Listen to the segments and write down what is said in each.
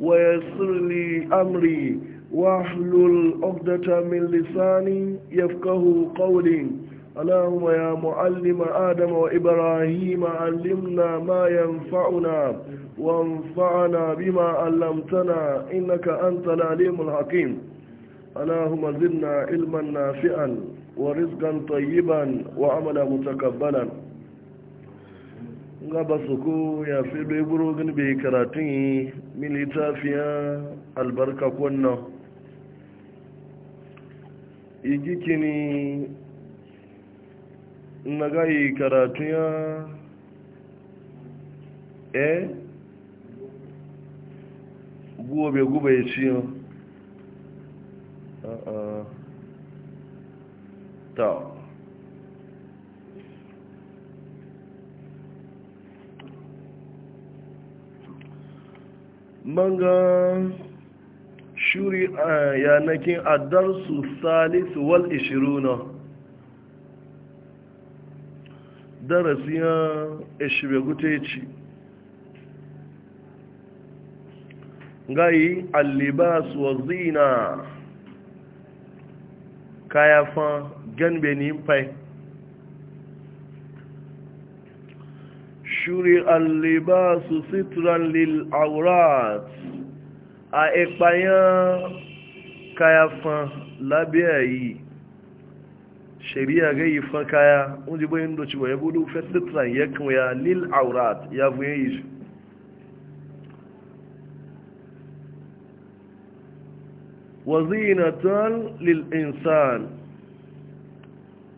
ويسر لي أمري واحلل عقدة من لساني يفقه قولي اللهم يا معلم آدم وإبراهيم علمنا ما ينفعنا وانفعنا بما علمتنا إنك أنت العليم الحكيم اللهم زدنا علما نافعا ورزقا طيبا وعملا متقبلا nga ba su ko ya fi dai buru gani bai karatun yi militafiya albarka kwanna igikini na yi karatun ya eh gobe gube ya ci yau ta manga shuri a yanakin su salisu wal ishiruna darasiya ishibeguteci gayi allibas wa zina kayafan ganbenin fai شرع اللباس سترا للعورات a ikpayan kayafan labiya yi shari'a ga yi kaya wunji bayan doci wa ya gudu fesitran ya kawaya lil aurat ya buye yi shi wazinatan lil insan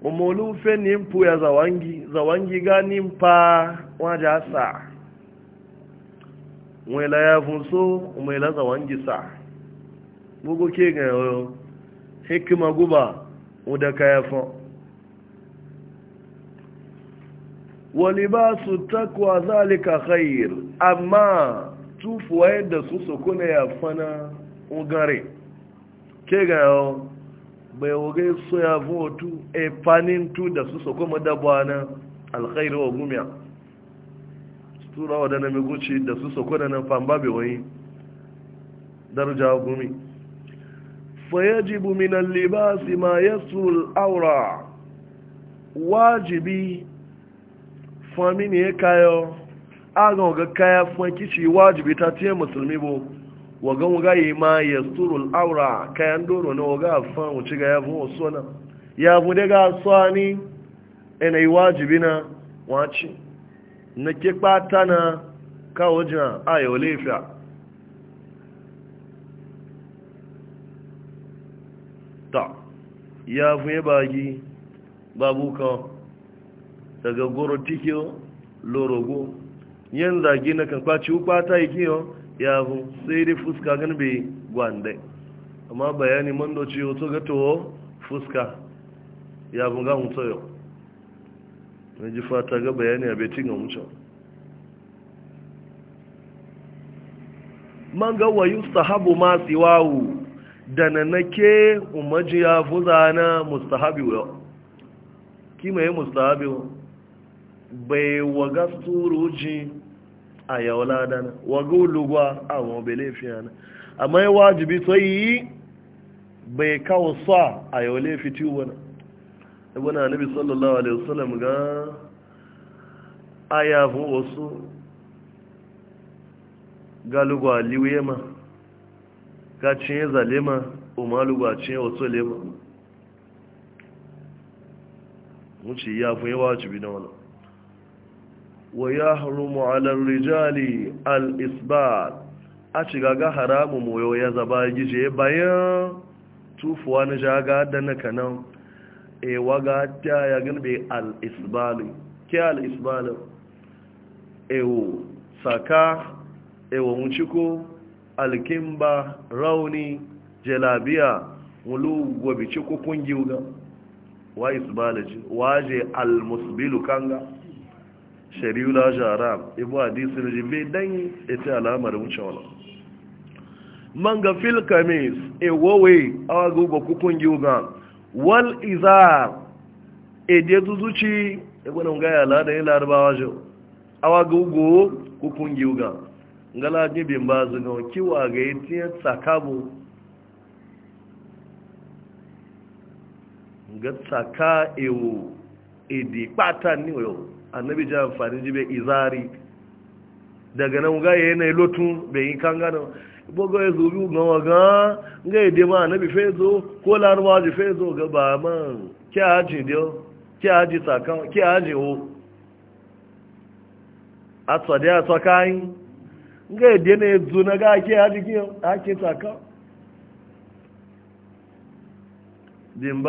umolu fe ni mpu ya zawangi zawangi gani mpa waja sa mwela ya vunso umwela zawangi sa bugu ke yoyo hikima guba uda kayafo walibasu takwa zalika khair amma tufu yadda su kune ya fana ungari ke yoyo bai su ya votu a e fanin tu da su kuma madaba na alkhairu wa gumiya turawa da na miguci da su so da nan famba bai wani darja gumi fayajibu min al-libasi ma yasul aura wajibi famini ya kayo agon ga kaya fankici wajibi ta tiye musulmi bo wagan waga yi ma ya turul aura kayan doro na waga fan wuce ga ya buwa sona ya bude ga tsani ina yi na na ke kpata na kawo jina a yau laifiya ta ya buye babu kan daga goro tikiyo lorogo yin zagi na kan kwaci kpata ikiyo ya bu sai dai fuska gan bai gwande amma bayani mandoci do gato ga fuska ya bu ga mun toyo na ji fata ga bayani a betin ga mucho man ga wayu sahabu ma siwawu da na nake umaji ya fuza na mustahabi wa kima ya mustahabi bai waga ji. a yawo ladana waga ulugwa a wọn bai laifi yana amma yi wajibi to yi bai kawo sa a yawo laifi tiwo na nabi sallallahu alaihi wasallam ga aya fún wasu galugwa liwe ma ka cinye zale ma umarugwa cinye wasu lema wuce ya fún yi wajibi na wani ويحرم على الرجال الاثبات اشغaga haramu moyo ya zabaji je bayan tufu wani jaga dana kanan e waga ta ya gilbe al isbal ke e wo saka e wo munchiko al kimba rauni jalabiya wulu gobe chiko kungiuga wa isbalaji waje al musbilu kanga shari'u la jaram ibu hadisi na jimbe dan ita alamar wuce wala man ga fil kamis e wowe awa gubo kukun yuga wal izar e de zuzuci e gwana e nga ya la larabawa jo awa gugu kukun yuga ngala ni bin ba zuga kiwa ga yitiya tsakabu ga tsaka ewo ede pata ni oyo annabi ji amfani ji bai izari daga nan ga yayi na lotun bai yi kan gana bogo ya zubi ga waga ga yi dema annabi zo ko larwa ji zo ga ba man ke haji dio ke sakan ke haji o a tsade a tsakai ga yi dena ya zuna ga ke haji sakan bin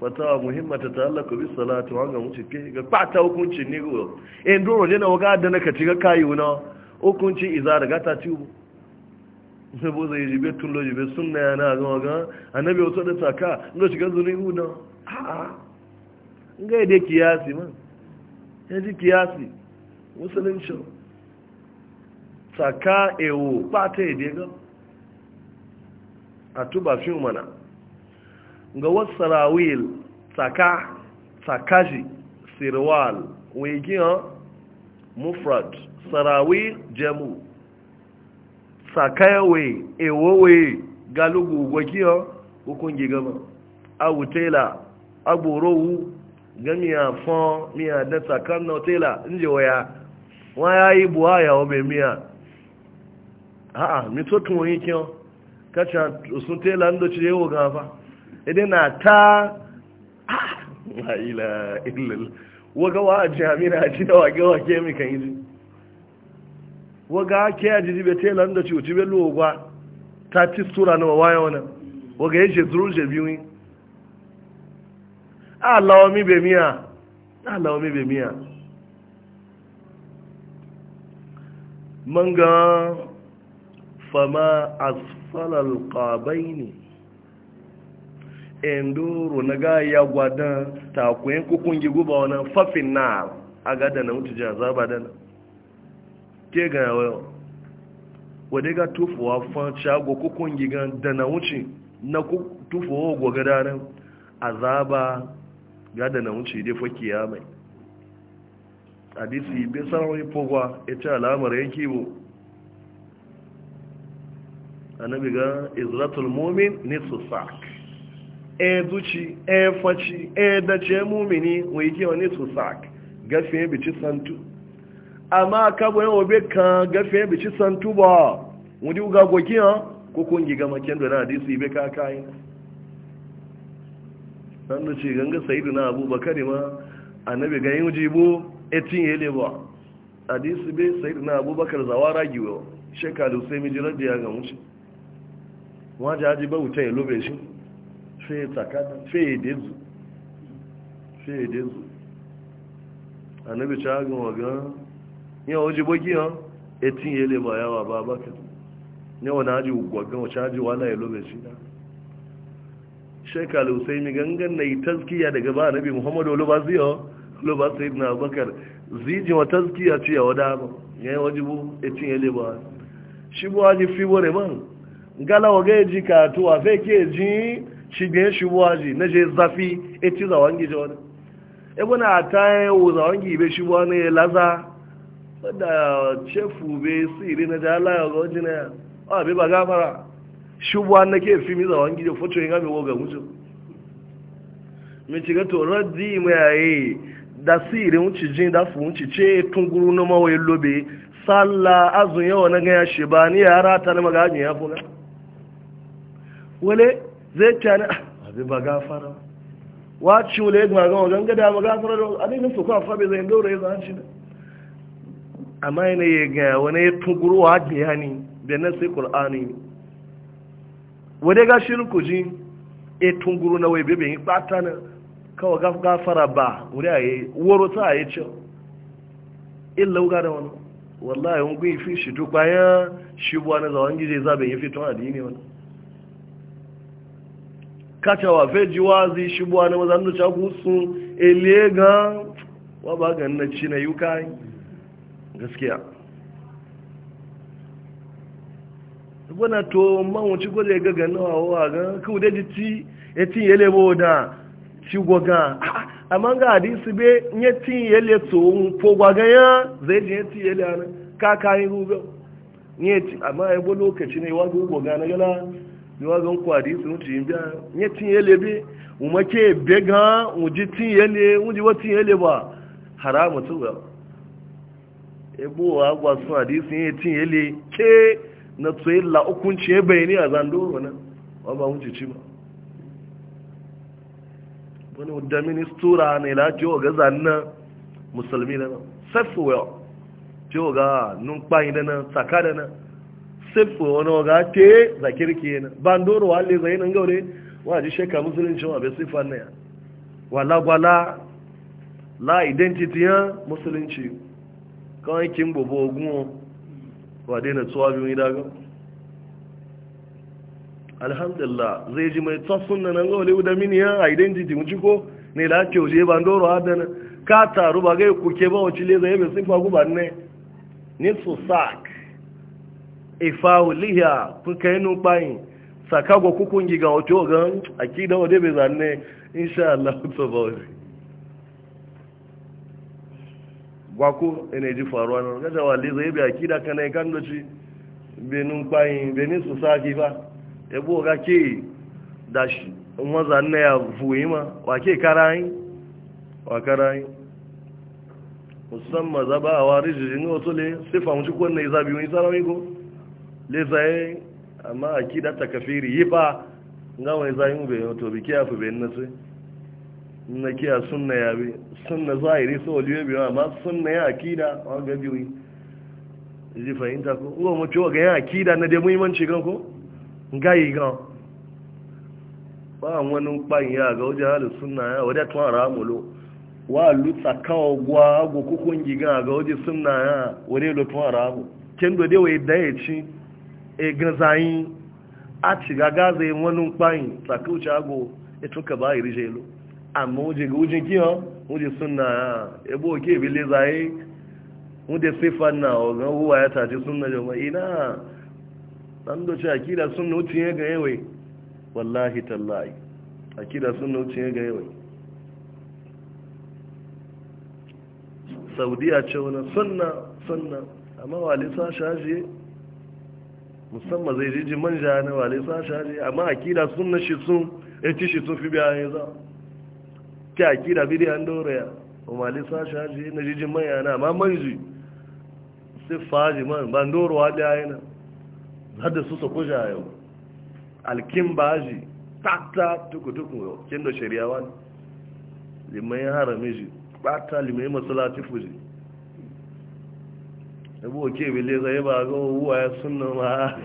fatawa muhimma ta ta'allaka bi salati wa ga muci ke ga kwata hukuncin ni go en doro je na waga da naka ci ga kayi wuna hukunci iza daga ta ci bu sai bo zai jibe tullo jibe sunna ya na ga waga annabi wato da saka ndo shiga zuri wuna a a ga da kiyasi man ya ji kiyasi musulunci saka ewo kwata ya ga a fi mana ga wasarawil tsaka tsakaji sirwal wigiyan mufrad sarawi jemu tsakayawe ewowe galugu gwagiyan hukun gigama wutela agborowu gami miya fon miya da tsakan na otela nje waya wọn ya yi buwa ya ome miya a'a mitotun oyin kiyan kacha osun tela ndo cire yau gafa idan na ta ah, la ila illal a wa jamina ji da wage wage mi kan yi waga ke ajiji be telan da ci uci be lugwa ta ci sura na waya wana waga ye je zuru je biwi Allah wa mi miya be miya manga fama asfala ne enduro na ga ya gwada takuyen kukun gigu ba wani fafin na a gada na mutu za ba dana ke ga yawon wadda ga tufuwa fan shago kukun gigan da na wuce na tufuwa gwagada nan a zaba gada na wuce dai ya mai hadisi bai sarari fogwa ita alamar yake bu annabi ga izratul momin nisu sak e zuci e faci e dace mumini wai ke wani su sak gafe bici santu amma ka bo obe kan gafee bici santu ba wudi uga goki ha ko kun giga maken da hadisi be ka kai dan na ce ganga sayyidina abubakar ma annabi ga yin jibo etin yele ba hadisi be sayyidina abubakar zawara giwo shekaru sai mi ga mushi waje aji ba wuta ya lobe shi fe tsakanin fe da zu fe da zu annabi cagin wagan yawon waje baki yawon etin yele ba yawa ba baka yawon na aji gwagan wace aji wala ya lobe shi na shekalu sai mi gangan na yi taskiya daga ba annabi muhammadu ziyo yawon lobazi ibn bakar zijin wa taskiya ce yawon dama yawon waje bu etin yele ba shi bu aji fi man gala waga ya ji katuwa fai ke ji shigen shubuwaji na je zafi e ci zawangi ji wani ebe na ta yawo zawangi be shubuwa ya laza wadda cefu be siri na jala ya gaji na ya a be ba gafara shubuwa na ke fi mi zawangi ji foto yin abewa ga mutu mi ci ga to raddi mai yaye da siri wuci jin da fu wuci ce tunguru na mawai lobe sallah azun yawa na gaya shi ba ni yara ta na magajin ya fuga wale zai cani abin ba gafara wa ciwo ya gama gama gada da gafara da adinin su kwa fabe zai dora ya zan shi amma yana ya ga wani ya tuguruwa da ya ne da na sai ƙul'ani wadai ga shirku ji ya tunguru na wai bebe ɓata na kawai gafara ba wuri a yi woro ta a yi cewa illa wuga da wani wallahi wani gwi fi shi duk bayan shi buwa na zawon gije kacha wa feji wazi shibwa na mazandu cha kusu elega wa baga na cina yukai gaskiya bana to man wuci gode ga ga nawa wa ga ku da jiti yati yele boda ci goga amma ga ah, ah, hadisi be yati yele to po gwaga ya zai je yati yele ana ka kai nye yati amma ai bo lokaci ne wa goga na gala wọ́n níwájú ń kọ àdísì ń tìyí bí i yẹn tí yẹn lè bí wọ́n òun kí bẹ gan wọ́n jí tí yẹn lè wọ́n jí wọ́n tí yẹn lè wà haramu tó wẹ̀ ebo sún sun sí yẹn tí yẹn lè ké na tó yẹ la okun tí yẹn bẹ̀yìn ní àzàndóró náà wọ́n bá ń ti tí ma. wọ́n ní da ministura ne la jẹ́ ọ̀gá zanna musulmi nana sẹ́fù wẹ̀ jẹ́ ọ̀gá numpa yìí nana sàkádà nana. sifo wani waga te za kirki yana ba ndoro wa alle zai nan gaure wa ji sheka musulunci wa bai sifa na ya wala gwala la identity ya musulunci kawai kin bobo ogun wa daina tsuwa biyu ni daga alhamdulillah zai ji mai tsafin na nan gaure da mini ya identity mu ko ne da ake oje ba ndoro adana ka taru ba gai kuke ba wace le zai bai sifa guba ne ni su sak kai kuka yi nufayin sakagwa kukun giga wato gan akida wade bai zanne insha Allah ta bauri gwako ina ji faruwa na gaja wale zai bi akida kana kan doci benin kwayin benin su saki ba ebo ga ke dashi in waza na ya fuyi ma wa ke karayin wa karayin musamman zaba a wari jijin wato le sifan shi kwanne zabi wani sarawin ko le zai amma akida ta kafiri yi ba nga wai zai mu be to bi kiya fu be nasu na kiya sunna ya bi sunna zahiri so liye bi amma sunna ya akida wa ga biwi ji fahimta ko ngo mu ciwo ga ya akida na da muhimmanci gan ko ngai gan ba wani kpan ya ga wajen halin sunna ya wadda tuwa ramulo wa lutsa kawo gwa agwo kukun gigan ga wajen sunna ya wadda tuwa ramu kendo dai wai daya ci egan zayin a ciga gaza yin wani kpayin tsakauci ago ya e tuka ba iri jelo amma wuje ga wujin kiyo wuje suna ya ebe oke bile zaye wuje sifan na ogan huwa ya tace suna jama ina dan doce akida suna wuce ya ga yawai wallahi tallahi akida suna wuce ya ga yawai saudiya ce wani suna suna amma walisa shaje musamman zai jiji manja na wale sa shari amma akida sun na shi sun eti shi sun fi biya ya za ki akida bi an dora ya o male sa shari na jiji manya na amma manji sai faji man ban wa da yana hada su sako jayo alkin baji tata tukutuku kin da shari'a wani limai harami ji ta limai masalati fuji abu oke bile zai ba ga wuwa ya suna ma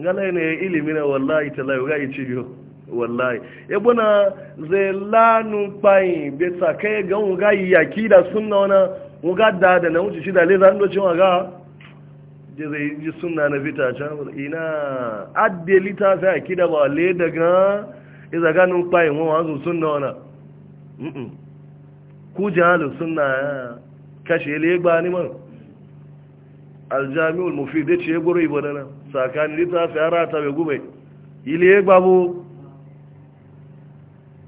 ngana ne ilimi na wallahi talayi ga ici biyo wallahi ebuna zai lanu kpayin besa kai ga wuga da suna wana wuga da na leza ga zai suna na fita ina adde litafi akida ba daga wọn wazo suna wana ku jihalu suna ya kashe ile gba ni man aljami'ul mufi da ce guri ibadana tsakanin littafi ya rata bai gube ile gba bu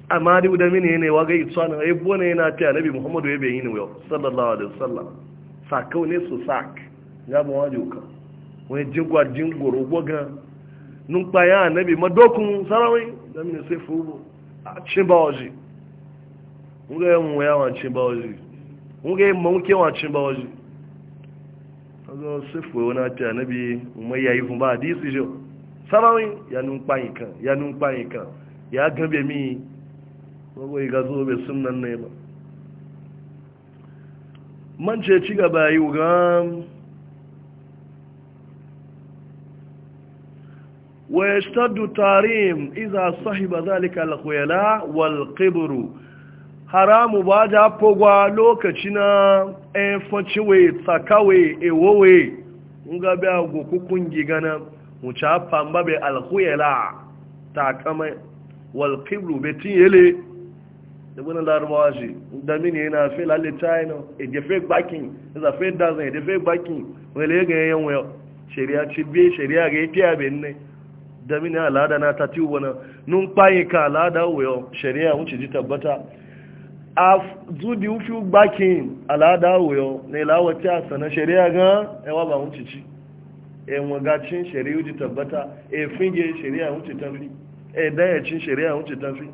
amma da udami ne ne waga itsanin aibuwa ne yana ta nabi muhammadu ya bayi ne yau sallallahu alaihi sakau ne su saak ya wani nga yi mu ya wancin ba waje nga yi mawuke wancin ba waje kaga sifu wani ta nabi mai yayi kuma hadisi jo sarawin ya numfayi kan ya numfayi kan ya gabe mi yi ga zo be ne ba man ce ci gaba yi ga ويشتد التعريم إذا صحب ذلك الخيلاء والقبر haramu ba da pogwa lokaci na efaciwe eh, tsakawe ewowe nga bi ago kukun gigana wuce pamba be alhuyela ta kama wal qiblu be tiyele da bunan larabawa shi da mini yana fe lalle china e de fe backing za fe dazan e de fe backing wele ga yan wayo sharia ci be sharia ga tiya be ne da mini alada na tatiwa na nun paye ka alada wayo sharia wuce ji tabbata zudi ufi bakin alada wuyo ne lawace a sana shari'a ga ewa ba wuce ci e shari'a uji tabbata e finge shari'a wuce tafi e shari'a wuce tafi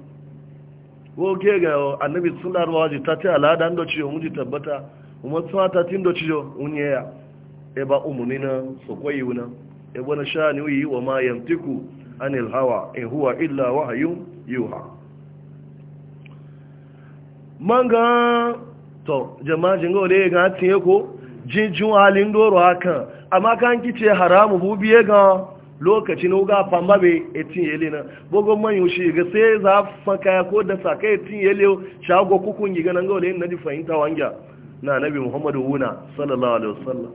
woke ga annabi sunar waje ta ce alada ndo ciyo wuce tabbata kuma tsuwa ta tin ciyo wunye ya e ba umuni na wuna e wani sha ni wa manga to jama'a jingo da ga tiye ko jinjin halin doro haka amma kan kice haramu bu biye ga lokaci na ga famba be etin yele na bogo man yushi ga sai za faka ko da saka etin yele shago kukun giga nan ga wale na ji fahimta wanga na nabi muhammadu wuna sallallahu alaihi wasallam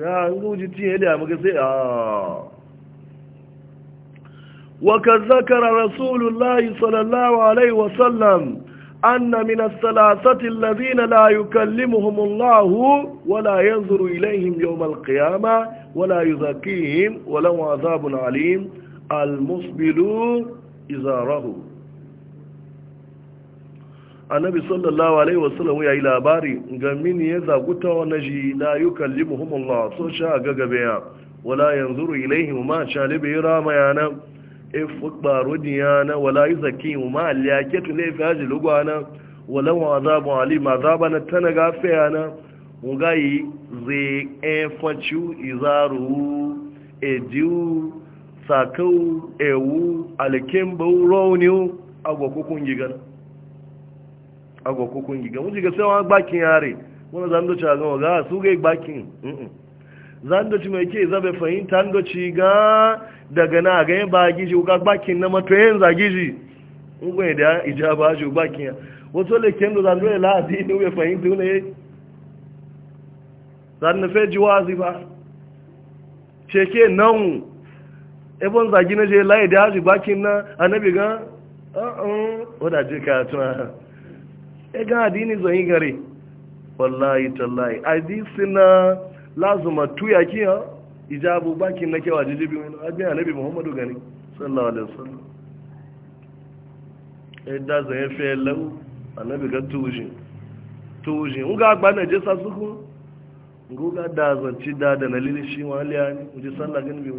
ya an guji tin yele amma sai a ah. Wa kazzakara rasulullahi sallallahu alaihi wasallam أن من الثلاثة الذين لا يكلمهم الله ولا ينظر إليهم يوم القيامة ولا يذكيهم ولو عذاب عليم المصبل إزاره النبي صلى الله عليه وسلم يا إلى باري قمين يذكت ونجي لا يكلمهم الله سوشا قبيا ولا ينظر إليهم ما شالب إرام يعني efu kparo diyana wala yi zaki ma aliya ketu ne fi haji lugwana wala wa azabun ali ma azaba na tana gafe yana nga yi zai efacu izaru ediu sakau ewu alkembo rauniu agwakokun gigana agwakokun gigana mun jiga sai wa gbakin yare wani zan doci a gama ga su ga gbakin zan doci mai ke zabe fahimta doci ga daga na ga yin ba gishi ga bakin na mato yin za gishi ngwe da ijaba shi bakin ya wato le kendo zan dole la di ni we fahimtu ne zan na fe jiwazi ba cheke nan ebon zagi na je lai da shi bakin na anabi ga a'a uh-uh, wadaje ka tuna e ga adini zo yin gare wallahi tallahi adisina lazuma tuya kiya ijabu bakin na kewa jijibi wani abin annabi muhammadu gani sallallahu alaihi wasallam ẹ̀dá zẹ̀yẹ́ fẹ́ lẹ́wọ́ annabiga tushin tushin ń ga gbaná jẹ́ sásúkú ga da zanci da da na lili shi wani liyani wuce sallah gani bi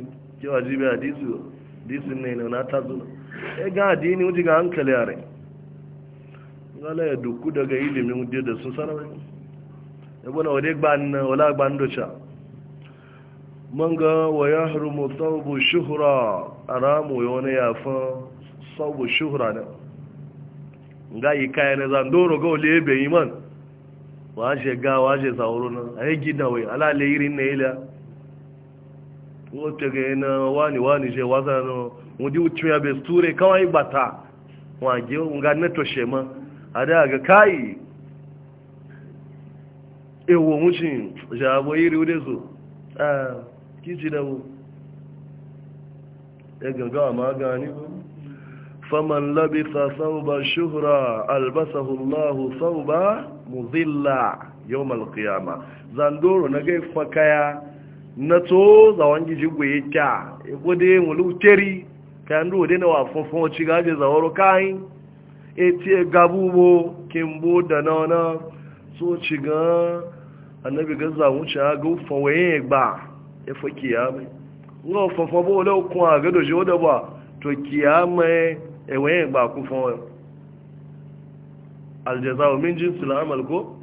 kewa jibi a disu disu ne na na tazo e ga adini ga hankali a rai ngala ya duku daga ilimin wuce da sun sanar wala manga wa ya harumu saubu shuhura a ramu ya wani yafin saubu shuhura na ga yi kaya na zandoro ga wale ebe yi man waje ga waje sauro na a yi gina wai alale irin na ila wata ga yana wani wani je waza na ndị wuce ya bai ture kawai bata wage na neto shema a da ga kayi ewo wucin jabo iri wude so iji da bu ya gagawa ma gani ba faman labisa sauba hulahu albasahullahu sauba muzilla yau malkiyama zandoro na gaifa kaya na to zawon giji gwaye kya ikwo e dai muluteri kayan duwa dai na wafafan wacce gaje zawaro kayan eti gabubo kimbo da na so ci ga annabi gaza wuce ga gufa waye ya fa kiyama ngo fa fa bo lo kun aga do joda ba to kiyama e we ba ku fa al jazaa min jinsi al amal ko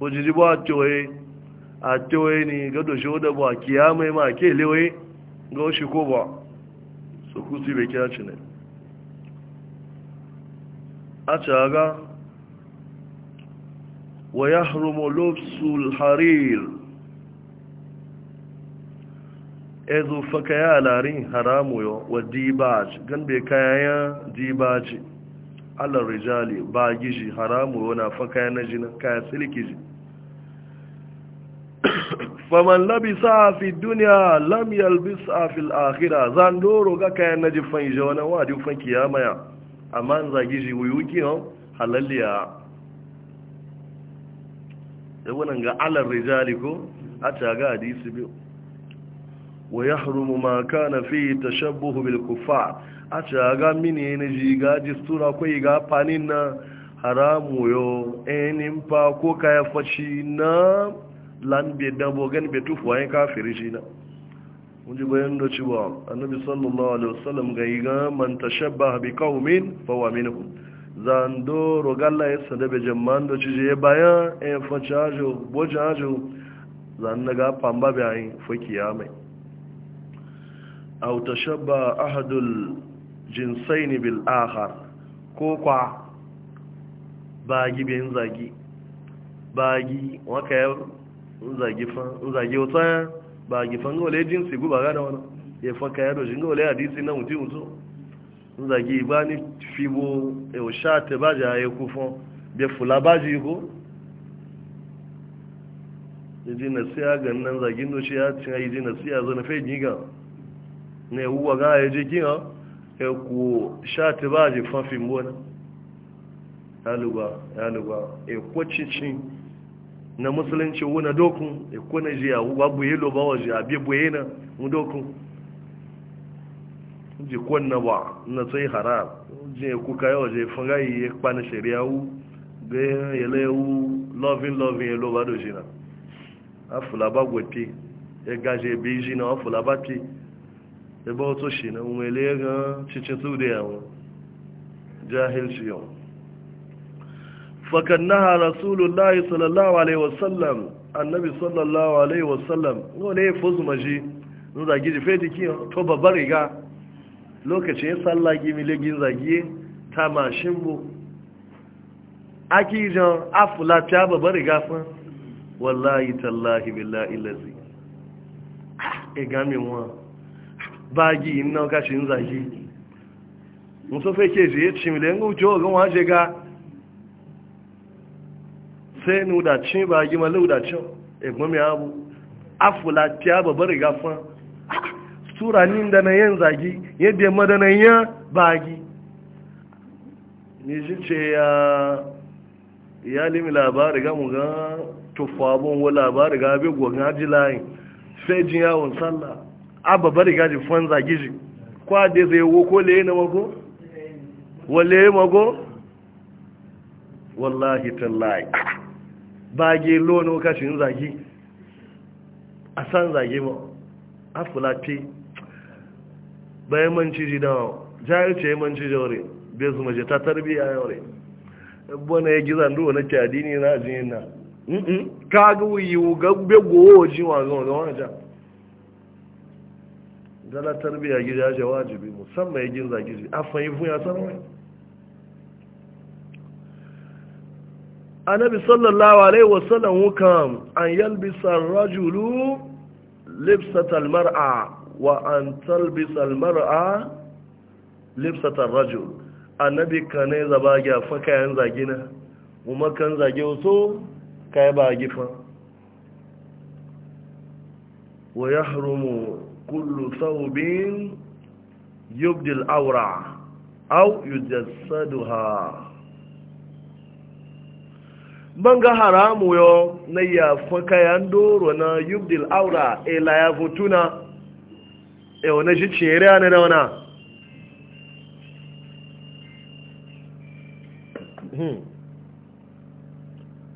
a ni ga do joda ba ma ke lewe ngo shi ko ba so ku si be kya a chaga ويحرم لبس الحرير ezo faka ya larin haramu yo wa dibaj gan be kaya dibaj ala rijali ba giji haramu yau na faka na jina kaya siliki ji faman labisa fi dunya lam a fil akhirah zan doro ga kaya na ji fan je wani wadi fan kiyama ya amma za giji wuyuki ho halalliya da wannan ga ala rijali ko a ta ga hadisi biyu wa ya harumu ma na fi ta tashabbuhu bil kuffar a ce ga mini ne ji ga sura kwai ga fanin na haramu yo enin fa ko kaya fashi na lambe dabo gan be tufu ayin kafiri shi na wani bayan da ci ba annabi sallallahu alaihi wasallam ga yi ga man tashabbaha bi qaumin fa wa minhum zando rogalla ya sada be jamman da ci je bayan ya e fachajo bojajo zan daga pamba bayan fa kiyamai aw tashabba ahadul jinsaini bil akhar ko kwa bagi bin zagi bagi waka ya zagi fa zagi wata bagi fa ngole jinsi guba ga da wannan ya faka ya doji ngole hadisi na mutum so zagi bani ni fibo e o shate ba ja ya kufo be fula ba ji ko yaji nasiya ga nan zagin doshi ya cin yaji nasiya zo na fe giga na ewuwa ga ya je gina ya ku sha ti ba je fafin bona yaluba yaluba ya e kwacici na musulunci wuna dokun e ya kuna je ya wuwa buye loba wa a abi buye na mu dokun ji e kwanna ba na tsaye haram je kuka yawa je fungayi ya kpani shari'a wu ga yale wu loving loving ya loba do shi a afula ba gwafi ya gaje bi shi a afula ba ebe otu shi na umele ya ga cikin su da yawon jahilci yau fakan naha rasulullahi sallallahu alaihi wasallam annabi sallallahu alaihi wasallam wani ya fuzu maji nun zagi jife jiki to babbar riga lokacin ya tsallagi miligin zagi ta mashin bu aki jan afula ta babbar riga fun wallahi tallahi billahi lazi ah, e gami wọn bagi ina kashin zagi musu fai ke je cimile yin gujo ogun waje ga sai ni udacin bagi ma laudacin egbon mi abu afula ti abu bari gafan sura ni da na yin zagi yadda madanan ya bagi ni ji ce ya iyalimi labari ga mu ga tufabon wa labari ga abin gwagon haji layin sai jin yawon sallah abba bari gaji fanza zagi kwa kwade zai wo ko le na mago wale mako? wallahi tallahi bage lono kashin zagi a san zagi ma a fulafi bayan manci ji da jahilce ya manci ji wuri bai su maje ta tarbi ya wuri na ya gizan duwa na kyadini na ajiyar na kaga ga gbegbo jiwa wa zuwa wani wajen dala tarbiya gida ya wajibi musamman ya girza gizi a fahimfun ya sarwai annabi sallallahu alaihi wasallam hukam an yalbisa rajulu libsata almar'a wa an talbisa almar'a libsata rajul annabi kane zaba ga fakayan zagina kuma kan zage wasu kai ba gifa wa yahrumu kullu saubin yubdil awra aw yujassaduha banga haramu yo na ya faka ya ndoro na yubdil awra e la ya futuna e ona ji chere ana da wana hmm.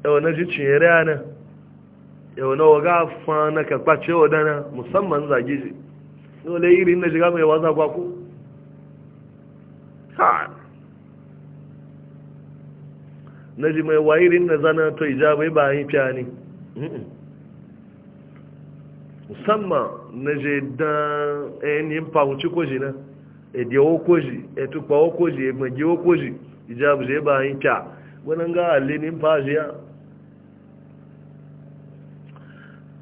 e ona ji chere ana e ona waga fa na ka kwace odana musamman zagiji dole irin na shiga mai waza kwaku ha na ji mai wa irin na zana to ijabai ba yi fiya ne musamman na je dan yin eh, fahimci koji na ẹdẹwọ koji etukwawo koji ẹgbẹ̀gẹwọ koji ijabu je ba yi fiya wani ga alli ni ya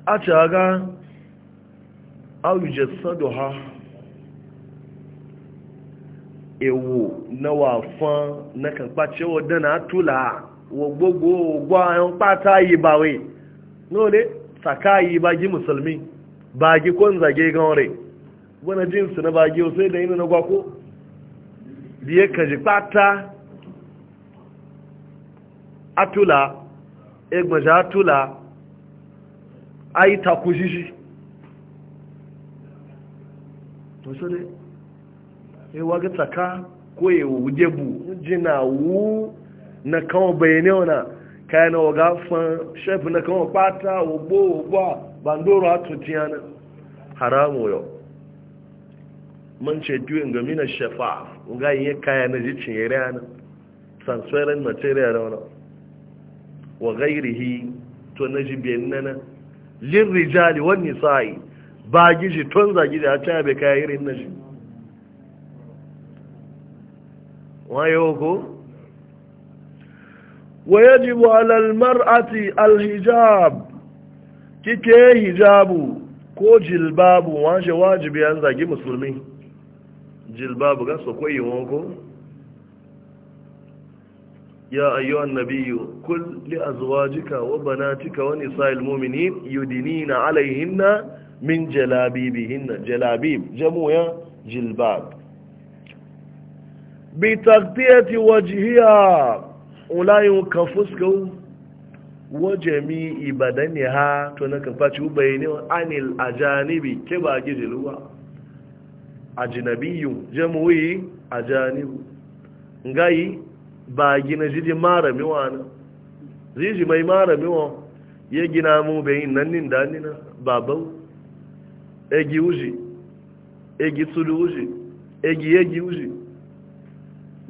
a ci haka. au jassaduha ewo na wafan na kan kpace wadda na tula wa gbogbo gwa yan kpata yi ba we nole saka yi ba gi musulmi ba gi kon zage gan re wani jinsu na ba gi sai da inu na gwako biye ka ji kpata atula egbaja atula ayi takushishi to shi dai ewa ga tsaka ko ewa wuje bu jina wu na kawo bayane na kayan ga fan shef na kawo pata ogbo ogbo bandoro atuti na. haramu yau man ce tuyin gami na shafa ga yi kaya na jicin yare yana transparent material wana wa hi to na ji jibiyan nana lirrijali wani sa'i ba gishi tun zagi da a caya bai kaya irin na shi Waye ko ويجب a المرأة الحجاب kike hijabu ko jilbabu wanje wajibi yan zagi musulmi jilbabu ga so yi wonko ya ayyuhan Kulli a zuwa jika, wa banatika wa nisa'il mu'minin yudinina na. min jalabibihinna jalabib jamuya jilbab bi taqtiyati wajhiha ulayin waje fuskau wa jami'i badaniha to na kan faci bayani anil ajanibi ke ba gijiluwa ajnabiyyu jamu'i ajanibu ngai ba gina jiji mara na? jiji mai mara miwa ya gina mu bayin nan nin da nina babau egi uji egi tulu uji egi egi uji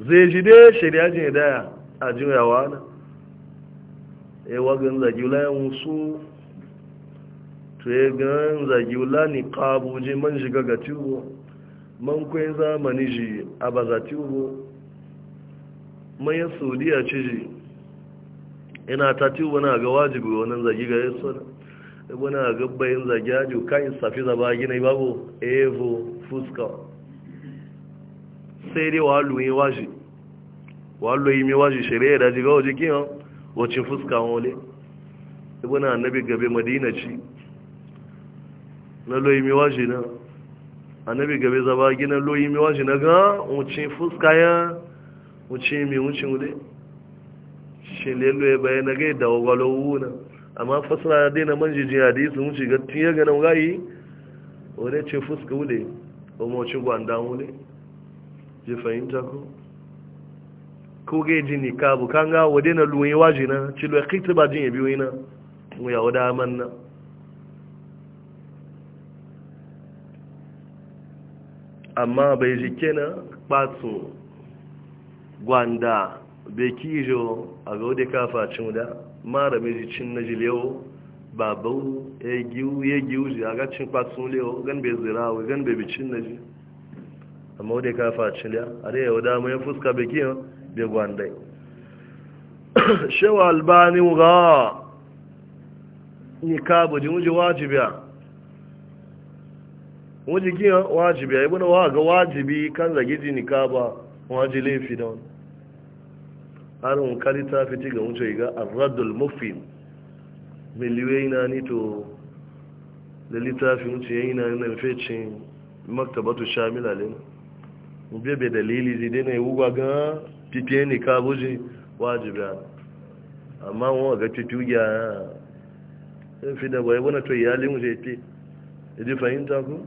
zai ji dai shari'a jin daya a juyawa na ewa gan zagiula yan su to ya e, zagiula ni kabu je man shiga ga tubo man kwai zamani ji a ma tubo mayan saudiya ci ji ina ta tubo na ga wajibi wannan zagi ga na. ibuna gabba yin zagyaju kan safi zaba gina babu evo fuska sai dai wa lu yin washi wa lu yin mi washi shari'a da jiga waje kiyan wacce fuska wole ibuna annabi gabe madina ci na lo yin mi washi na annabi gabe zaba gina lo yin mi washi na ga wacce fuska ya wacce mi wacce wule shi lelo ya bayan na ga da wagwalo na amma fasara dai na manjijin hadisi sun shiga tiye nan gayi wadda ce fuska wule ba mawacin gwanda wule ji fahimta ko ko ga ji ni kabu kan ga wadda na luwai waje na cilo ya kiti ba jin ya biyu yana mu yawo wada aman na amma bai ji kena kpatsu gwanda bai kijo a ga wadda kafa cin da mara meji cin na e e ji lewo babu ya giwu ya giwu ji a gacin kwatsun lewo gan bai zira wa gan bai bicin na ji amma wadda ka cin liya a da yau dama ya fuska bai kiyan bai gwandai shewa albani ga ni ka buji wuji wajibiya wuji wajibi a ibina wa ga wajibi kan zagiji ni ka ba fidon harin karita fiti ga wuce ga arradul mufin miliyoyi na nito da littafin wuce yayi na nan fecin maktabatu shamilalin bebe dalili zai dai na yi wugwa ga pipiye ne ka buji wajibiya amma wọn ga pipiyu gyara yin e fi da bai wani to iyalin wuce fi idi e fahimta ku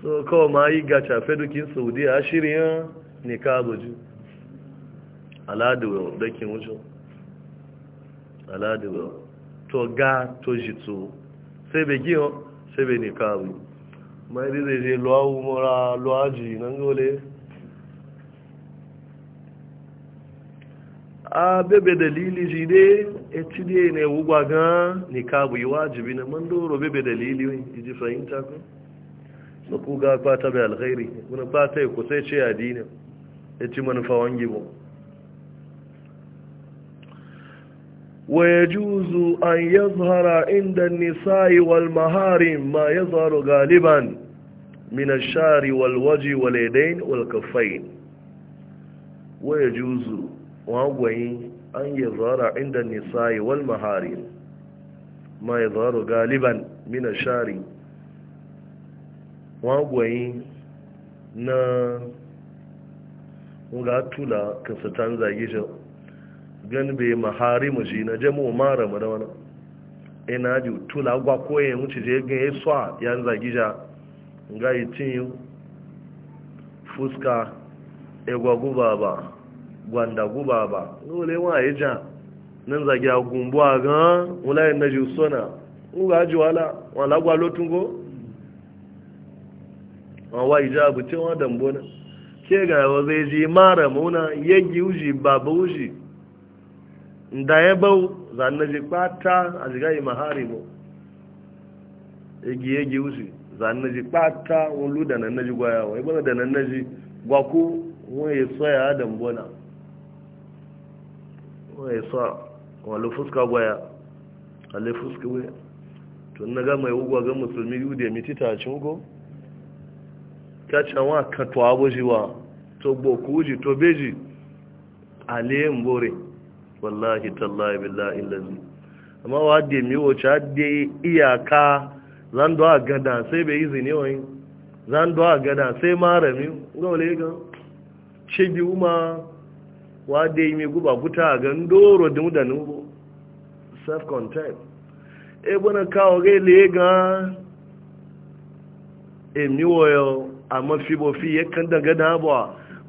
so kawai ma yi gacha fedukin saudiya a shirya ne ka buji aladuwa dakin wucin aladuwa to ga to shi to sai bai giyo sai bai ne kawo mai zai je luwa umara luwa ji nan gole a bebe dalili shi ne eti ne ne wugwa ni ne kawo yi wajibi na mandoro bebe dalili iji fahimta ku ku ga kwata bai alkhairi wani kwata ya kusa ce adini eti ci manufa wangi mu ويجوز أن يظهر عند النساء والمهارم ما يظهر غالبا من الشعر والوجه واليدين والكفين ويجوز وأن يظهر عند النساء والمهارم ما يظهر غالبا من الشعر وأن na wulatula kan su tanza gijin gan be maharimu shi na jamu mara mu da wani ina e ji tula gwa koye mu ci je gan yeswa yan zagi ja ga yitin fuska egwa guba ba gwanda guba ba dole wa yi ja nan zagi a gumbu a ga wulayen na ji sona nga ji wala wala gwa lotungo wọn wá ìjáàbù tí wọ́n dàmbó náà kí ẹ̀gà ẹ̀wọ̀ zai ji mara mọ́nà yẹ́gi ujì bàbá ujì da ya bau na ji kpata a yi mahari mu egiyegi usi za na ji kpata wọn lu da na ji gwaya wa ibana da na ji gwaku wọn yi soya da mbona wọn yi soya wọn lu fuska gwaya a le fuska gwaya tun na ga mai ugwa ga musulmi yi da miti ta cin go kacha wa ka to abuji wa to gboku ji to beji ale mbore wallahi tallahi billahi lazi amma wa da mi wace hadde iyaka zan do gada sai bai izini wani zan do gada sai mara mi ga wale ga shigi uma wa da mi guba guta ga ndoro da mudanin bo self content e bona kawo ga le ga e mi woyo amma mafi bo fi yakan daga da bo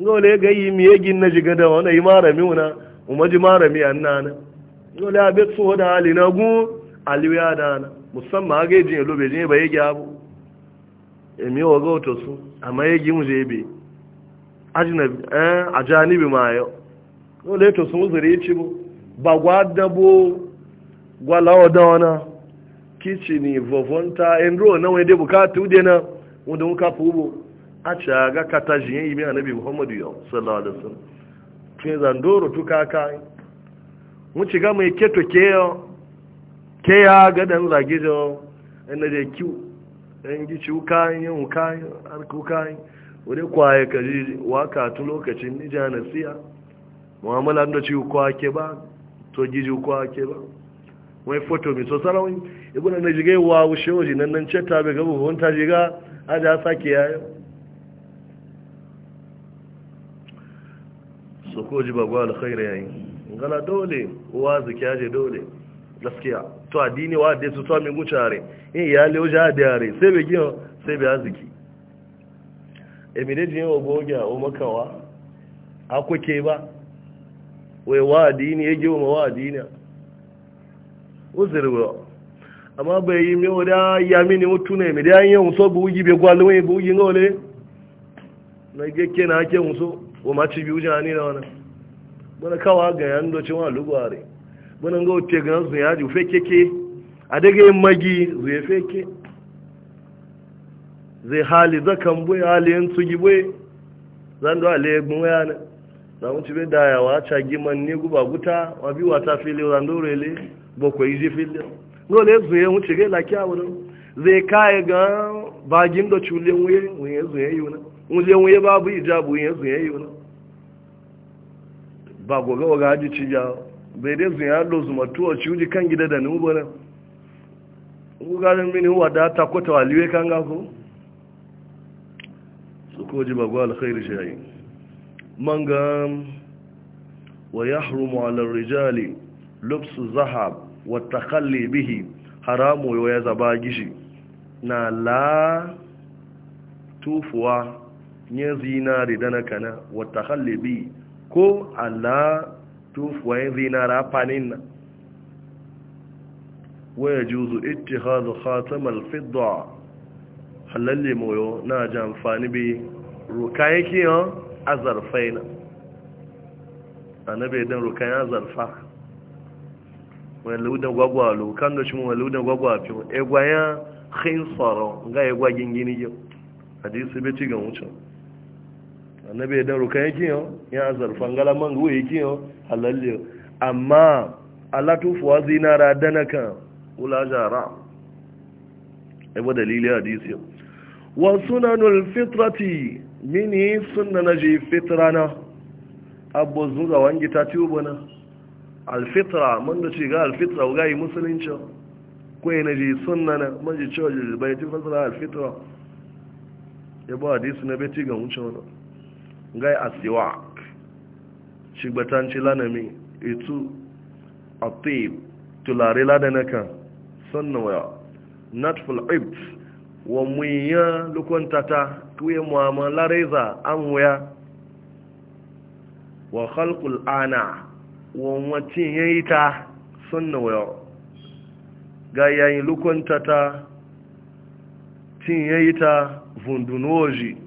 ga wale ga yi mi yegin na ji gada wani mara mi na. umaji marami an nana dole a bai tsoho da hali na gu aliyu da na musamman aga ejin ilo bai jini ba ya gyabu emi wa ga oto su amma ya gimu je ebe a eh, janibi ma yau dole to sun uzuri ci bu ba gwa dabo gwalawa da wana kichini vovonta enro na wani dai bukata ude na wanda muka fi ubo a ci aga kata jiyan ibi annabi muhammadu yau sallallahu alaihi wasallam tuneza ndoro tuka kai mun ci ga mai keto keyo ke ya ga dan zage ina da kyu dan gici ci ukan yin ukan ar kukan wuri kwaye kaji waka tun lokacin nija nasiya mu'amala da ci kwake ba to giji kwake ba wai foto mi so sarawin ibuna na jige wa wushe waje nan nan ce ta be ga buhun ta jiga aja sake yayo su ko ji ba gwala khairu yayi ngala dole wa zakiya je dole gaskiya to addini wa da su to min gucare in ya le oja da yare sai be giyo sai be aziki emire jin o boga o makawa akwake ba wai wa addini ya e giyo ma wa addini uzirwa amma bai yi mewa da ya mini mutu ne mai da yanyan wuso bu yi bai gwalin wani bu yi ngole na geke na ake wuso wa maci biyu jani na wani wani kawa ga yan doce wa lugware wani ga ote ga su ya ji fekeke a daga yin magi zai feke zai hali zakan bai hali yin tugi bai zan da hali egbun waya na na wuce bai dayawa cagi man ne guba guta wa biwa ta fili zan dore rele bakwai ji fili dole zuye wuce gai lakiya wurin zai kaya ga bagin da culin wuye wuye zuye yi wani wuje wuye babu ijabu yin zuye yi wani ba goga waga ci ya? bai dai zuye hallo zuma tuwa ciwuji kan gida da nubu bane gugarin mini huwa da ta kwata waliwe kan gafo su koji ba gwa alkhairu shayi man ga wa ya harumu alar rijali lubsu zahab wa takalli bihi haramu ya zaba gishi na la tufuwa nye zinari dana kana wata halibi ko ala tufuwayen zinari afanin na waya juzu iti hazu khatamar fidda halalle moyo na ji amfani bi rukayen kiyon azarfai na annabi idan a azarfa wani ludan gwagwa lo kan da shi mu wani gwagwa fi egwayen khinsoro ga egwagin gini yau hadisi bai ci ga wucin annabi ya daru kan yakin ya zarfan galan man ruwa yakin halalle amma Allah tufuwa zinara dana kan wula jara ebo dalili hadisi wa sunanul fitrati mini sunna ji fitrana abu zuga wangi ta na. alfitra mun da ci ga alfitra ga yi musulunci ko na ji sunna na mun ji cewa bai ti fasara alfitra ba hadisi na beti ga wuce wannan gai ngai asiwak shigbatanci lanami itu atib tulare ladanaka sannan waya natful ibt wa muya lukuntata kuye muhammad lareza an wuya wa khalkul ana wa wacin yi ta sannan waya ga yayin lukwantata cin yi ta vundunoji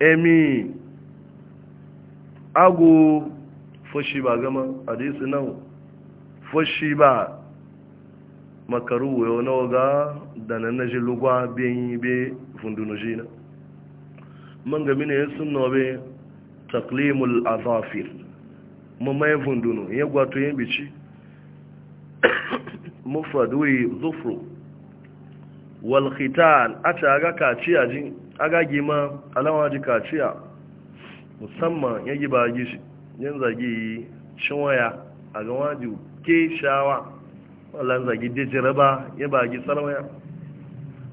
emi agu fashi ba gama hadisi nan fashi ba makaru wayo nawa da nan na jilugwa biyan yi be fundunoji na man gami ne sun nobe taklimul azafir mamaye funduno ya gwato yin bici yi zufru wal khitan a ta ga kaciya jini agagi ma alawa ji kaciya musamman ya yi ba gishi yin zagi cinwaya a ga waji ke shawa wallan zagi da ba ya ba gi sarwaya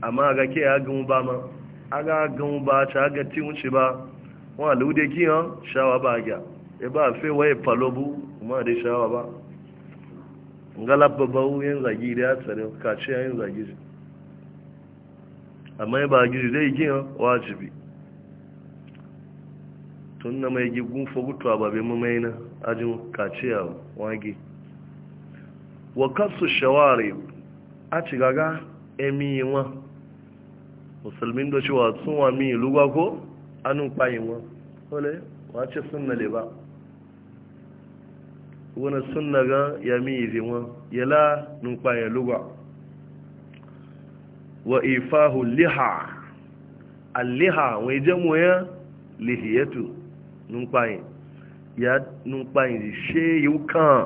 amma ga ke ya gamu ba ma aga gamu ba ta ga tin wuce ba wa lude ki ha shawa ba gya ya ba fi waye palobu ma da shawa ba ngala ba yin zagi da ya tsare kaciya yin zagi amma ba gizi zai gina wajibi tun na mai gigun fagutuwa mamayi na ajin kaciya wage wa kasu shawari a ci gaga emiyiwa musulmin da cewa sun wa mi lugwa ko anun kwayiwa wale wace sunna na ba wani sunna ga ya mi izinwa yala nun kwayin lugwa wa ifahu liha alliha wai jamo ya lihiyatu numfayin ya numfayin ji ṣe yi kan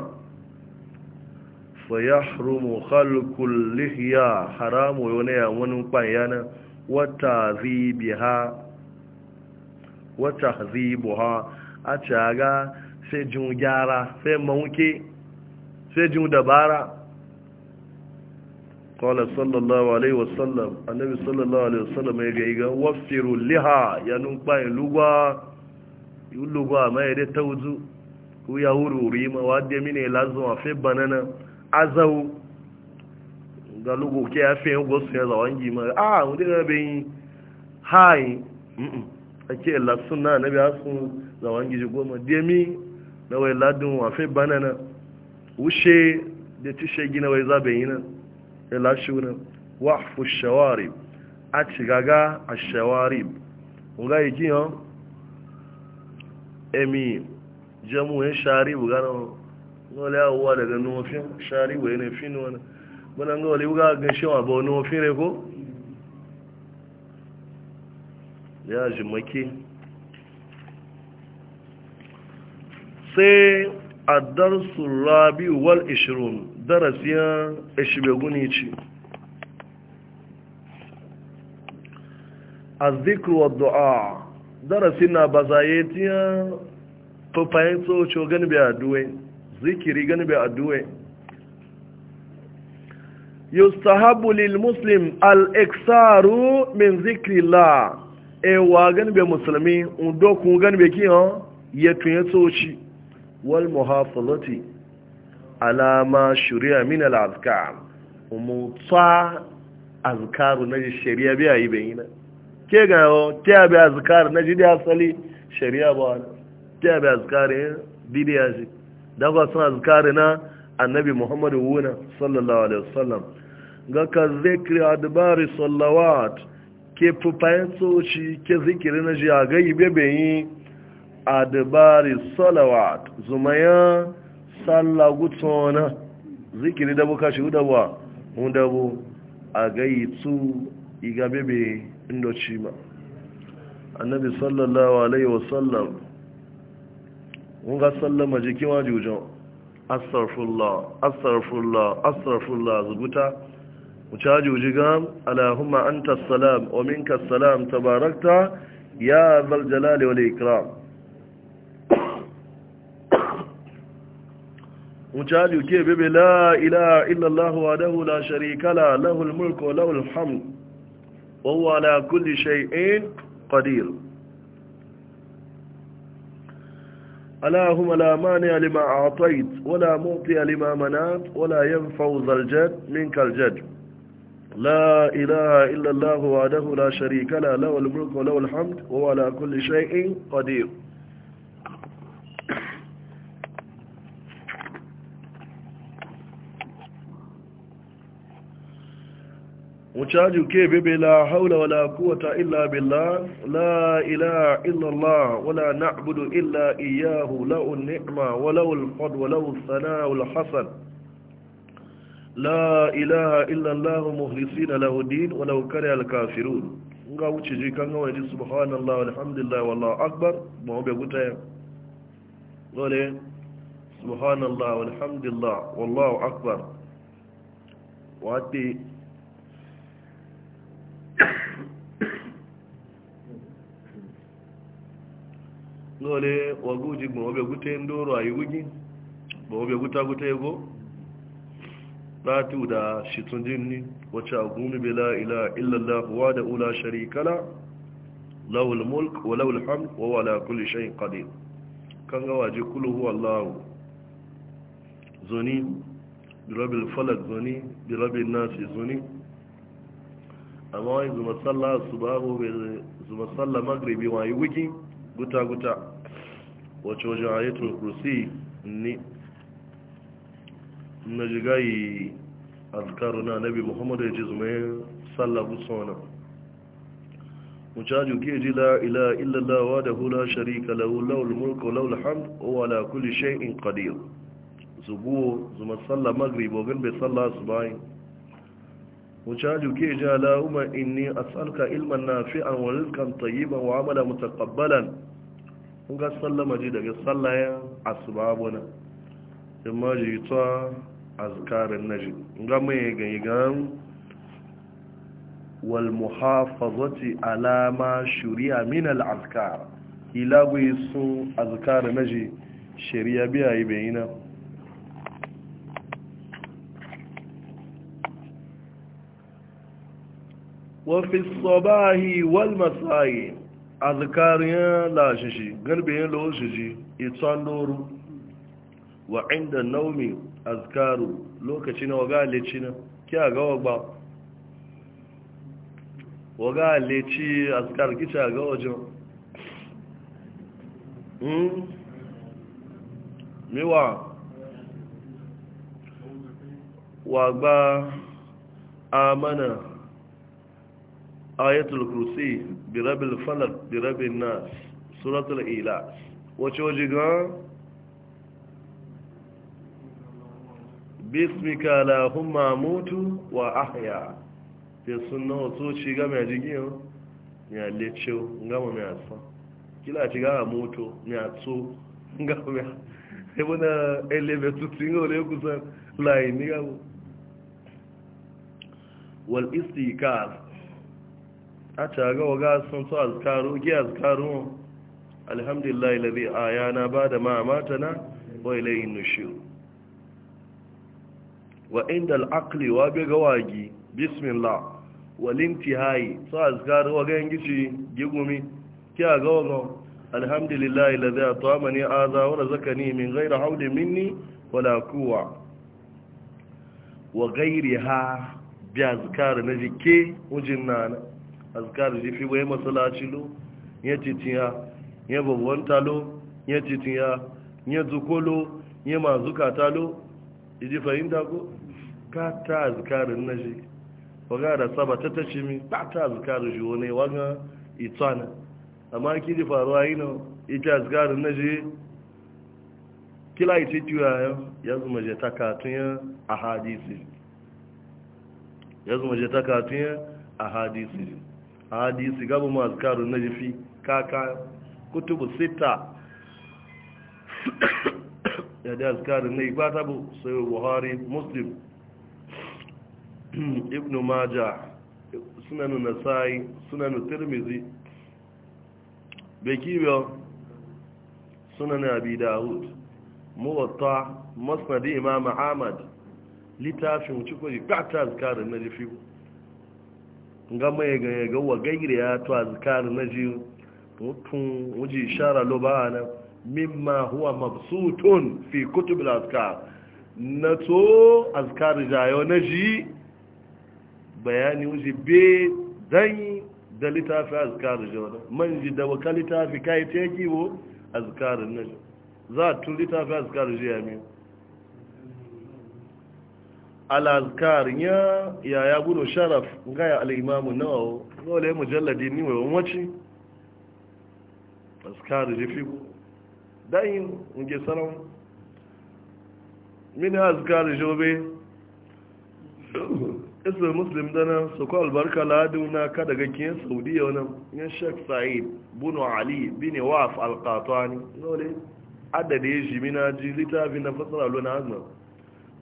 fayahrumu khalqul lihiya haramu wani ya wani numfayin yana wata zibiha ha a caga sai jin gyara sai mawuke sai jin dabara kawai sallallahu alaihi wasallam annabi sallallahu alaihi wasallam ya ga iga wafiru liha ya numfa ilugwa ilugwa ma ya dai ta wuzu ku ya wuri ma wadda mini lazun a fi banana azau ga lugu ke ya fi yin gosu ya zawon gima a wani ga bin hain ake lasun na annabi asun zawon giji goma demi na wai ladun a fi banana wushe da tishe gina wai zaɓe yi nan ilashunan wahfu shawari a cigaga a shawarib ga igi yan emi jamu yin sharibu gano nole awuwa daga nufin sharibu yana fin wani muna ga wale wuga gan shewa ba nufin ko ya ji maki sai a darsun rabi wal ishirun darasiyan eshibeguni ci azikru wa du'a darasi na bazayetiyan fafayin tsoho gani bai aduwe zikiri gani bai aduwe yustahabu lil muslim al iksaru min zikri la ewa gani bai musulmi undokun gani bai kiyan yetun ya tsoci wal muhafazati alama shari'a min al'azkar umutsa azkaru na shari'a biya yi na ke ga ta bi azkar na jidi asali shari'a ba ta bi azkari didi ya ji da ba san na annabi muhammadu wuna sallallahu alaihi wasallam ga ka zikri adbari sallawat ke fufayen tsoci ke zikiri na ji a gayi bebe yi adbari salawat zumayan sallah gutsona zikiri da buka shi udawa udawo a gaitu iga bebe indoci ma annabi sallallahu alaihi wasallam wunga sallama jikin wajujan astarfullah astarfullah astarfullah zubuta wucaju jigan alahumma anta salam ominka minka salam tabarakta ya zal jalali wal ikram wuce haɗi ke bebe la’ila illallahu wa dahu la sharikala lahul mulku lahul hamu wawwa na kulli shay'in qadir alahumala mani alima a tait wala mufi alima manat wala yin fauzar jad min kaljad la’ila illallahu wa dahu la sharikala lahul mulku lahul hamu wawwa na kulli shay'in qadir mucaju ke bebe la haula wala quwata illa billah la ilaha illa allah wala na'budu illa iyyahu lahu an-ni'ma wa lahu al-fadl wa lahu as-sana'u al-hasan la ilaha illa allah mukhlisina lahu din wa law kariha al-kafirun nga wuce ji kan gawa ji subhanallah walhamdulillah wallahu akbar mu be gutaya dole subhanallah walhamdulillah wallahu akbar wa nole waguji ma obe gute ndoro ayi wugi ma obe guta guta ego ratu da shi shitun jinni wacce agumi bila ila illallah wa da ula sharikala lawul mulk wa lawul hamd wa wala kulli shay'in qadir kan ga waje kullu huwa allah zoni birabil falak zoni birabil nas zoni amma wani zuma sallah su babu bai zuma sallah magribi wani wikin guta-guta wacce wajen ayatul kursi ne na jigayi alkaru na nabi muhammadu ya ce zuma yin tsalla busa wani mucaju ke ji la ila illallawa da hula sharika lahu laul mulku laul hamd wa la kulli shay'in qadir zubu zuma sallah magribi wagan bai tsalla su bayan وشاهدوا كي جاء لهم إني أسألك علما نافعا ورزقا طيبا وعملا متقبلا وقال صلى مجيدا قال صلى أسبابنا ثم جيتا أذكار النجد وقال ما يقام والمحافظة على ما شريع من الأذكار إلا ويسو أذكار النجد شريع بها يبينه wafi sabahi wal masai azkariyar lashishi garbiyin lashishi itan loru wa inda naumi azkaru lokaci na waga leci na kiya gawa ba waga leci azkar kica ga wajen miwa wagba amana ayatul kursi bi birabil falak birabin nas suratul ila wace waje ga bismika humma mutu wa ahya te sunna wato ci ga mai jigiyar ya lece ngamo me aso kila ci ga mutu mai atso ngamo me e bona eleve tutun singo le kusa lai ni ga wal istikar a caga wa gasan su azkaru gi azkaru alhamdulillah labi Yana ba da mamatana wa ilayin nushir wa inda al'akli wa bi gawagi bismillah walinti hayi su azkaru wa gayan gici gigumi ki a gawagon alhamdulillah labi a tuwamani a zawar zakani min gaira haulin minni wala kuwa wa gairi ha bi azkaru na jike wujin nana azkar ji fi bai masalaci lo ya titiya ya babuwanta lo ya titiya ya zuko lo ya mazukata lo iji fahimta ko ka ta azikari na shi waga da saba ta ta shimi ba ta azikari shi wani waga itwana amma ki ji faruwa yi na ita azkarin na shi kila iti tiwa ya zuma je ta katun a hadisi ya zuma je ta katun a hadisi hadisi gaba mu azkaru na jifi kaka kutubu sita ya da azkaru na bata bu sayo buhari muslim ibn maja sunanu nasai sunanu tirmizi bekibiyo sunanu abi dawud muwatta masnadi imam ahmad littafin cikin igbata azkarin na jifi gama ya gaya ga wa gairi ya to azkar na ji mutum wuji shara lo ba na mimma huwa mabsutun fi kutub azkar na to azkar jayo na ji bayani wuji be dan da fi azkar jayo na man ji da wakalita fi kai teki wo azkar na ji za tu tun littafi azkar jayo al'azkar ya ya gudu sharaf gaya al'imamu na wawo zaule mujalladi ni mai wamwaci azkar jifi dayin nke sanar mini azkar jobe isa muslim dana su kwa albarka na kada gakiyar saudiya wani yan shek sa'id bunu ali bin waf ni zaule adada ya ji mina ji littafi na fasara lona azmar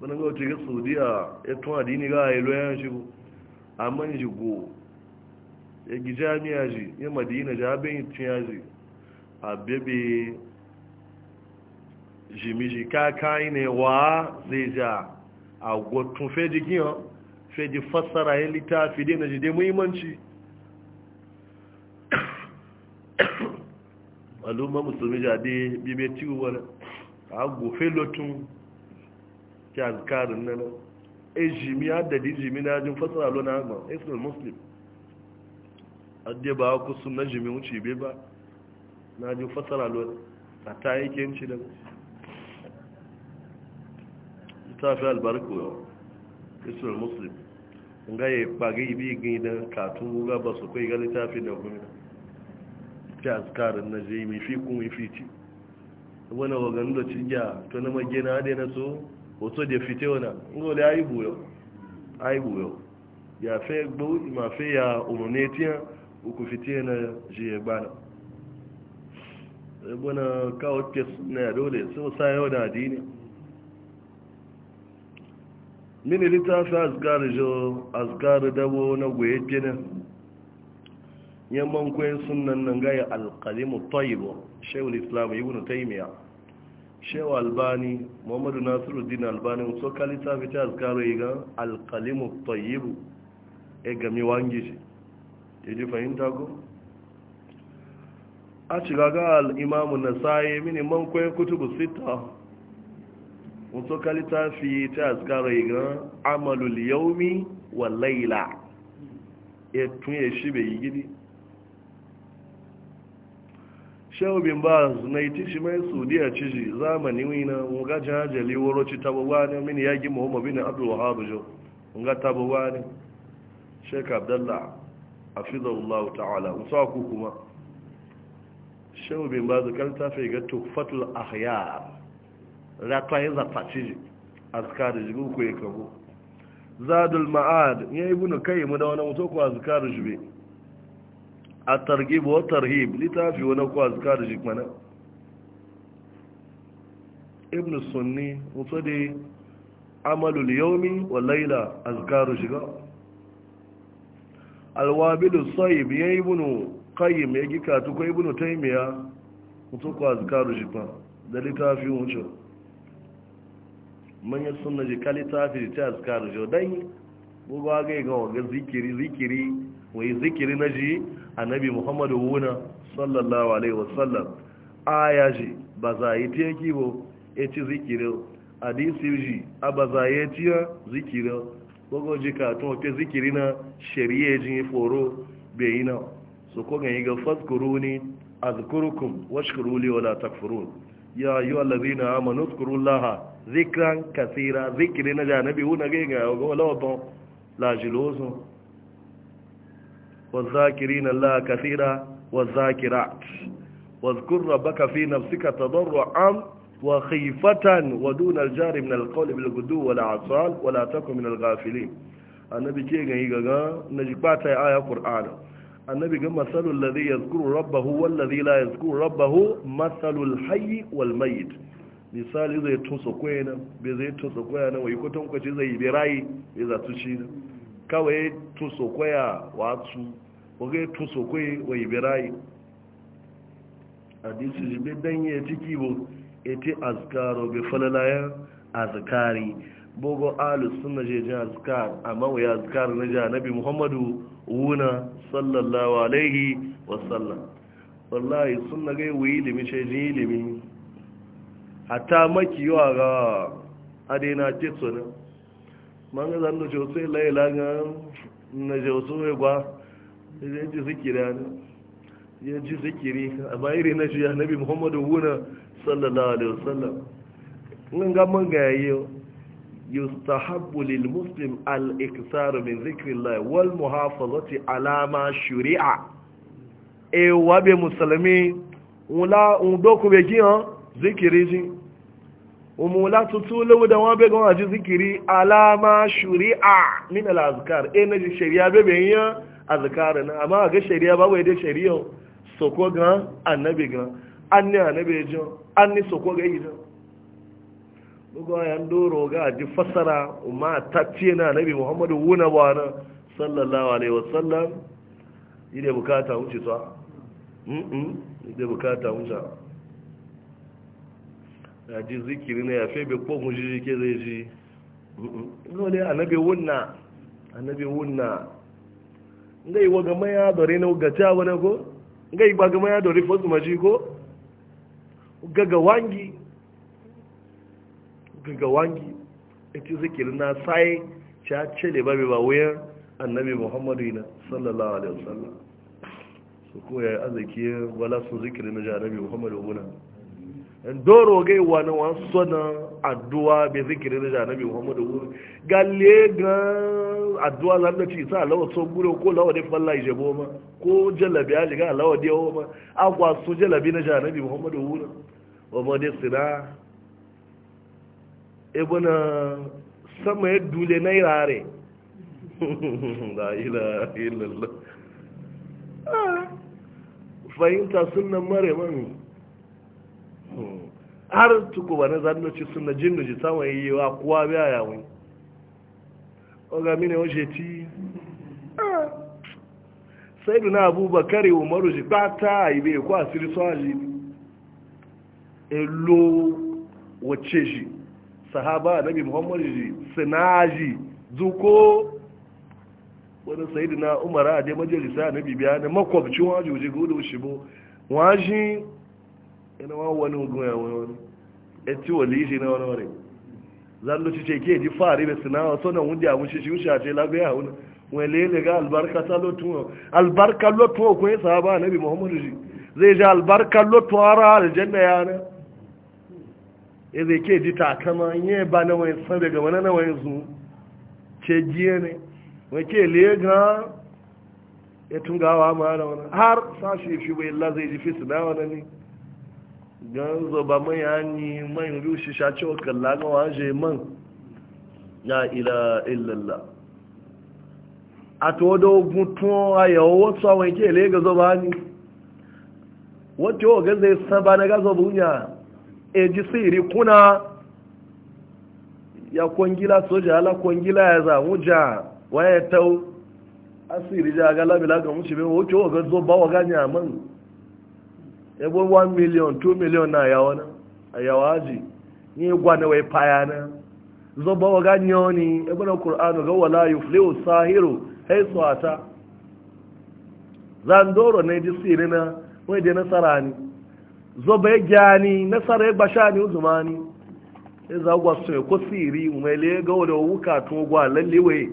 wani ga wata saudiya ya tun adini ga ya loyan shi a man ji go ya gi jami'a ji ya madina ji abin yi tun yaji a bebe jimi ji kaka ne wa zai ja a gwatun feji giyan feji fassara ya littafi dai na ji dai muhimmanci al'umma musulmi jade bibe tiwo wani a gofe lotun ke azkarin na e jimi hadaddi jimi na ajin fasara na agba islam muslim adde ba ku sunna jimi wuce be ba na jin fasara lona a ta yi kenci da ta fi albarku yau islam muslim nga ya kpage ibi gini da katun ga ba su kai gali tafi da gumi ta azkarin na jimi fi kun fi wani wagan da cigiya to na magina adena so oto de fite ona ngo le aibu yo aibu yo ya fe gbo ma fe ya umune tiya uku fite na je bana ebona ka o tes na dole so sa yo da dini mini litafi azgar jo azgar dabo na goye kina e yamman kwen sunan nan gaya alqalimu tayyibo shaykhul islam ibn shewa albani muhammadu nasiruddin albani so kalita fita azkaru yi gan alkalimu tayyibu e gami wange shi ya ji fahimta ko a shiga ga al'imamu na saye mini man kwaye kutubu sita wato kalita fi ta azkaru yi gan amalul yaumi wa laila ya e tun ya shi bai yi gidi shehu bin baz na iti shi mai saudiya ciji zamani wina nga jajali woro ci tabuwa ne min yagi muhammad bin abdul wahhab jo nga tabuwa ne sheikh abdullah hafizahullah ta'ala musa ku kuma shehu bin baz kan ta fe ga tuhfatul ahyar la tayi za ciji. azkar jibu ko yake ko zadul ma'ad ya ibnu kayyim da wani mutoko azkar jibi. a targhib wa tarhib littafi wani ku azkar jikmana ibn sunni wato da amalul yawmi wa laila azkaru shiga alwabilu sayib ya ibn qayyim ya gika to ko ibn taymiya wato ku azkaru jikma da littafi wuce manyan sunna ji kalitafi ta azkaru jodan bugu ga ga zikiri zikiri wai zikiri na ji annabi muhammadu wuna sallallahu alaihi wasallam aya ji ba za yi tiya ba ya e ci zikirin hadisi ji a ba za yi tiya zikirin gbogbo ji ka tun zikiri na shari'a ji foro bai na su ko yi ga faskuru ni azkurukum washkuru li wala takfurun ya ayyuhal ladina amanu zkurullaha zikran kasira zikiri na janabi wuna ga ga wala bon la jilozo والذاكرين الله كثيرا والذاكرات واذكر ربك في نفسك تضرعا وخيفة ودون الجار من القول بالغدو والعصال ولا تكن من الغافلين النبي كي يغا نجبات آية قرآن النبي قال مثل الذي يذكر ربه والذي لا يذكر ربه مثل الحي والميت misali zai tusa kwayana bai zai tusa kwayana wai kwatankwacin zai birayi bai tushi kawai tu sokoya watsu oge tu kwaye wa ibirayi hadisi jibe danye ciki bu eti azkaro bi falalayan azkari bugu alus suna jejin azkar amma wa ya azkar na ja nabi muhammadu wuna sallallahu alaihi wasallam wallahi suna gai wuyi limi ce jin A ta maki yawa ga adina tetsonin manga zan da jose laila ga na jose ya gwa ya ji zikiri ya ji zikiri a bayiri na shi annabi muhammadu wuna sallallahu alaihi wasallam nan ga manga yayi yustahabbu lil muslim al iktsar min zikrillah wal muhafazati ala ma shuri'a e wa be muslimi wala un doku be gi han zikiri jin umula tutulu da wa be gon aji zikiri alama shuri'a min azkar e na ji shari'a be be yin azkar na amma ga shari'a ba wai da shari'a soko ga annabi gan anni annabi e jo anni soko ga yi bugo ya ndoro ga aji fasara umma tatiye na annabi muhammadu wuna wana sallallahu alaihi wasallam ide bukata wuce sa mm mm ide bukata wuce ji zikiri na yafe bai kogun shi ke zai ji lole anabi wunna anabi wunna ngai wa gama ya dore na gata wani ko ngai ba gama ya dore fosu maji ko gaga wangi gaga wangi ita zikiri na sai ca cele babe ba wuyan annabi muhammadu na sallallahu alaihi wasallam su koya arziki wala su zikiri na jarabi muhammadu muna doro gai wani wasu na addu'a bai zikirin da nabi muhammadu wuri galle ga addu'a zan da ci sa lawa son gure ko lawa da falla ije ma ko jalabi a shiga lawa da yawo ma agwa su jalabi na janabi muhammadu wuri wa ma dai sira ibuna e sama ya e dule na irare la ilaha illallah ah, fahimta sunan mare mami har tuku na zannoci suna jinnu ji sama yi wa kuwa biya yawon oga mini oje ti ah. sai duna abubakar umaru ji pata ibe ko asiri soji elo wace shi sahaba nabi muhammadu ji sinaji zuko wani sayidina umara a dai majalisa na biya na makwabcin wajuji gudu shi bu Ina wa wani hudun ya wani wani ya ci wa lishi na wani wani zan ci ce ke ji fari da sinawa sonan wundi a mushi shi wuce a ce labe ya wani wani ne ga albarka ta lotun albarka lotun ko ya sahaba bi muhammadu shi zai ji albarka lotun ra aljanna ya na ya zai ke ji takama yi ba na wani san daga wani na wani zu ce jiye ne wani ke lega ya tungawa ma na wani har sashi shi bai la zai ji fi sinawa na ne Ganzo ba mai hanyi mai rushe shaci wa kalla ga waje man ya ila illalla a to da gutun a yawon wasu awon ke ile ga ba hanyi wato yawon gan zai saba na gazo bunya e ji siri kuna ya kwangila soja ala kwangila ya wuja. Wa waya tau asiri ja ga labila ga mushi bai wato yawon ganzo ba wa ganya man ebe 1 miliyon 2 miliyon na ayawa na ayawa aji ni gwa na wai paya na zoba wa ganyo ni ebe na qur'anu ga wala yuflihu sahiru hay suata zandoro ne di sire na wai de nasara ni zoba gani nasara ya basha ni uzumani e za gwa so ko siri umele ga wala wuka to gwa lalle wai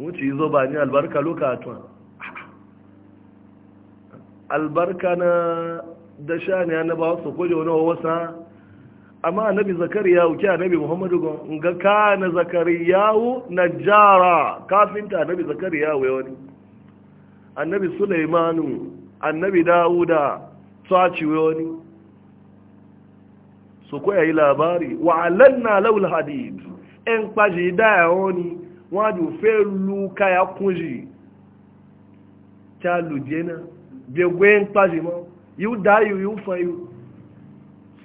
wuce zoba ni albarka lokatun albarka na da shani annabawa su kwaje wani wasa amma annabi zakariya uke annabi muhammadu gon ga kana zakariya jara. kafinta annabi zakariya wai wani annabi sulaimanu annabi dauda tsaci wai wani su kwaya yi labari wa alanna laul hadid en kwaji daya wani wani fe lu kaya kunji ta lujena bi gwen kwaji ma. yiwu dayu yi fayu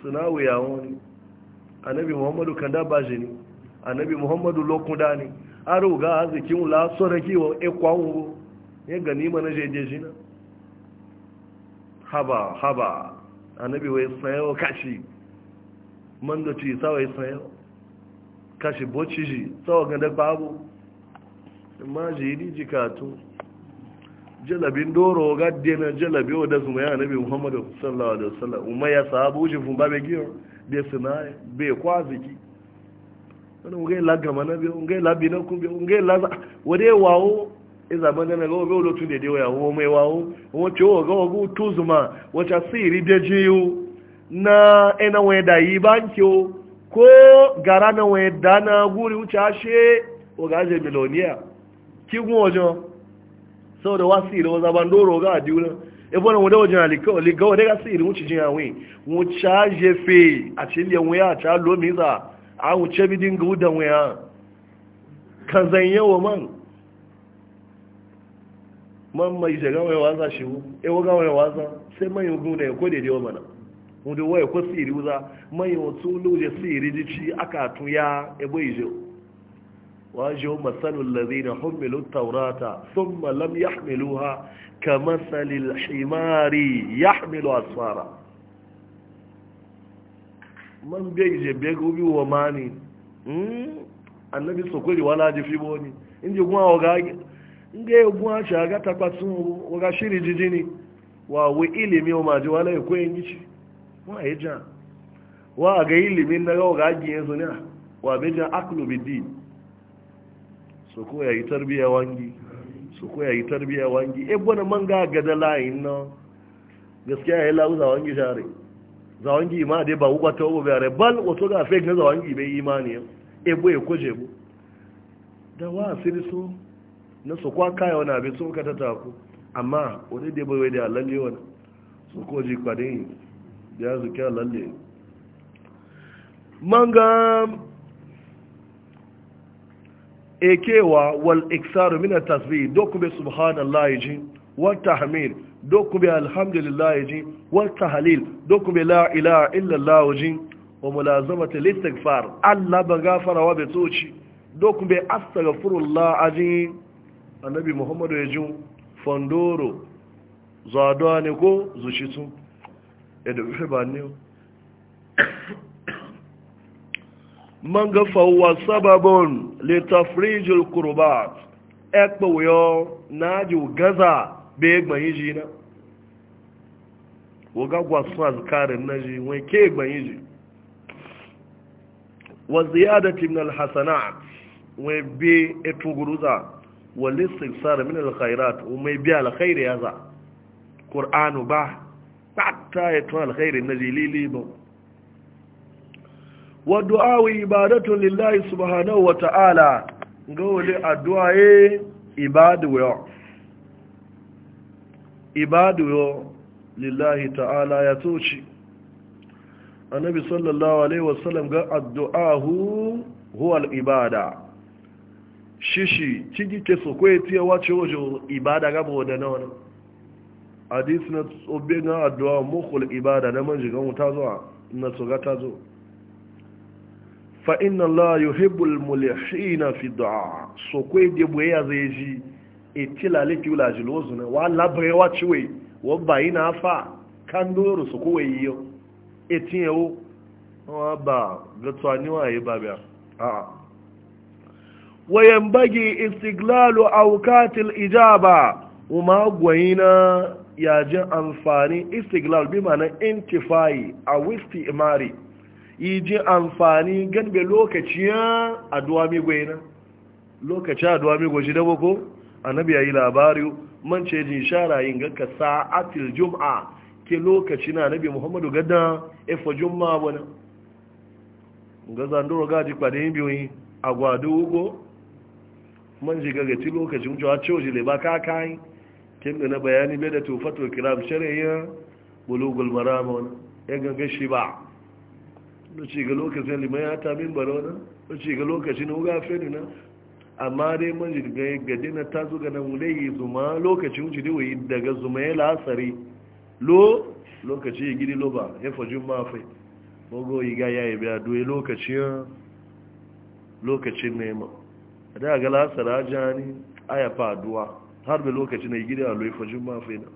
suna wuya wani annabi muhammadu kan da baje ne annabi muhammadu lokun da ne a ruga arzikin wula so da kiwo ikwan wuro ya gani mana jeje jina haba haba annabi wai sayo kashi man da ci sawai sayo kashi bochichi ji sawa gandar babu ma ji ka jikatu jalabin doro gadde na jalabi wa da su mai annabi muhammadu sallallahu alaihi wasallam umma ya sahabu shi fun babe giyo de sina be kwaziki wani unge la gama na be unge labi na kun be unge la wade wawo e zaman na go be lo tunde dewa wa mai wawo wo wa wo gu tuzuma wo cha siri da jiyu na ina we da yi bankyo ko gara na we na guri wuce ashe? o ga miloniya kigun wajen saboda wasiri waza ban doro ga adiuna ebola bona wode waje na liga wode ga siri mu cijin awi mu charge fe a cili yan waya ta lo mi za a mu ce bidin ga udan waya kan zan yawo man man mai je ga waya waza shi mu e wo ga waya waza sai man yi gune ko de dewa mana mu de waya ko siri waza man yi wato lo je siri ji ci aka tuya ebo boy wajo matsalin lalzina hummilu taurata sun malam ya ha ka matsalin shimari ya hamilu man bai je bai gobi wa mani annabi sokoli wala ji fi boni in ji kuma waga inga ya kuma shi aga takwasun waga shiri jijini wa wi ilimi o maji wala ya koyin gici wa ya ja wa ga ilimin na ga waga ajiye su ne wa bai ja su ko ya yi tarbiya wangi su ko ya yi tarbiya wangi e bona manga gada layin na gaskiya ya yi lauza wangi share za wangi ma dai ba uba ta wuka bare bal wato ga fake na za wangi bai imani e bo e koje da wa asiri so na su kwa kaya wani abin so ka ta taku amma wani dai bai da lalle wani su ko ji kwadin ya zuke lalle manga ekewa wal iksaru mina tasbi tasbih dokube subhanallahi ji wa tahmid dokube alhamdulillahi ji wal tahlil dokube la ilaha illa allah ji wa mulazamati listighfar allah ba gafara wa betuci dokube astaghfirullah aji annabi muhammadu ya ji fondoro zadwa ne ko zucitu edo ife ba ne man ga fawa sababin litafrijil kurbat ekpawiyo na ji gaza bai gbanyi ji na wagagwa su azikarin na ji wai ke gbanyi ji wa ziyadati min alhasanat wai e bi etuguruza wa listiksar min alkhairat wai e bi alkhairi yaza qur'anu ba ta ta ya to alkhairi na ji lili ba wa wa ibadatun lillahi subhanahu wa ta'ala ga wale addu'a ya e, ibadu yo ibadu yo lillahi ta'ala ya toci annabi sallallahu alaihi wasallam ga addu'a huwa al-ibada shishi ciki ke so kwe tiya wace waje ibada gaba wadana wani hadis na tsobin addu'a mukul ibada na manjigan ta zuwa na tsoga ta zuwa fa inna Allah yuhibbul mulihina fi du'a so kwe de boya zeji e tilale ki ula jilozu na wa labre wa chiwe wa bayina fa kandoro so kwe yo e tin yo wa ba e gatsani wa yi ba ba a wa yanbaghi istiglalu awqatil ijaba uma gwayina ya jin amfani istiglal bi ma'ana intifai a wisti imari iji amfani ganbe lokacin aduwa gwai na lokacin aduwa migwai shi da ko annabi yi labari man ce jin shara yin ganka sa'atil jum'a ke lokacin annabi muhammadu gada efa jum'a wani ga zandoro gaji kwade yin biyoyi gwado ugo man ji gaga ti lokacin a cewa le ba ka kai kin na bayani bai da tufatul kiram shari'a bulugul marama wani ya ganga shi ba da ce ga lokacin liman ya ta min bara wani da ce ga lokacin wuga feni na amma dai manji gaji na ta zuga nan yi zuma lokacin wuce da wuyi daga zuma ya lasari lo lokaci ya gidi loba ya fajin mafai mago yi ga ya yi biya doye lokacin lokacin nema da ga lasara jani aya faduwa har da lokacin ya gidi a lo ya fajin mafai na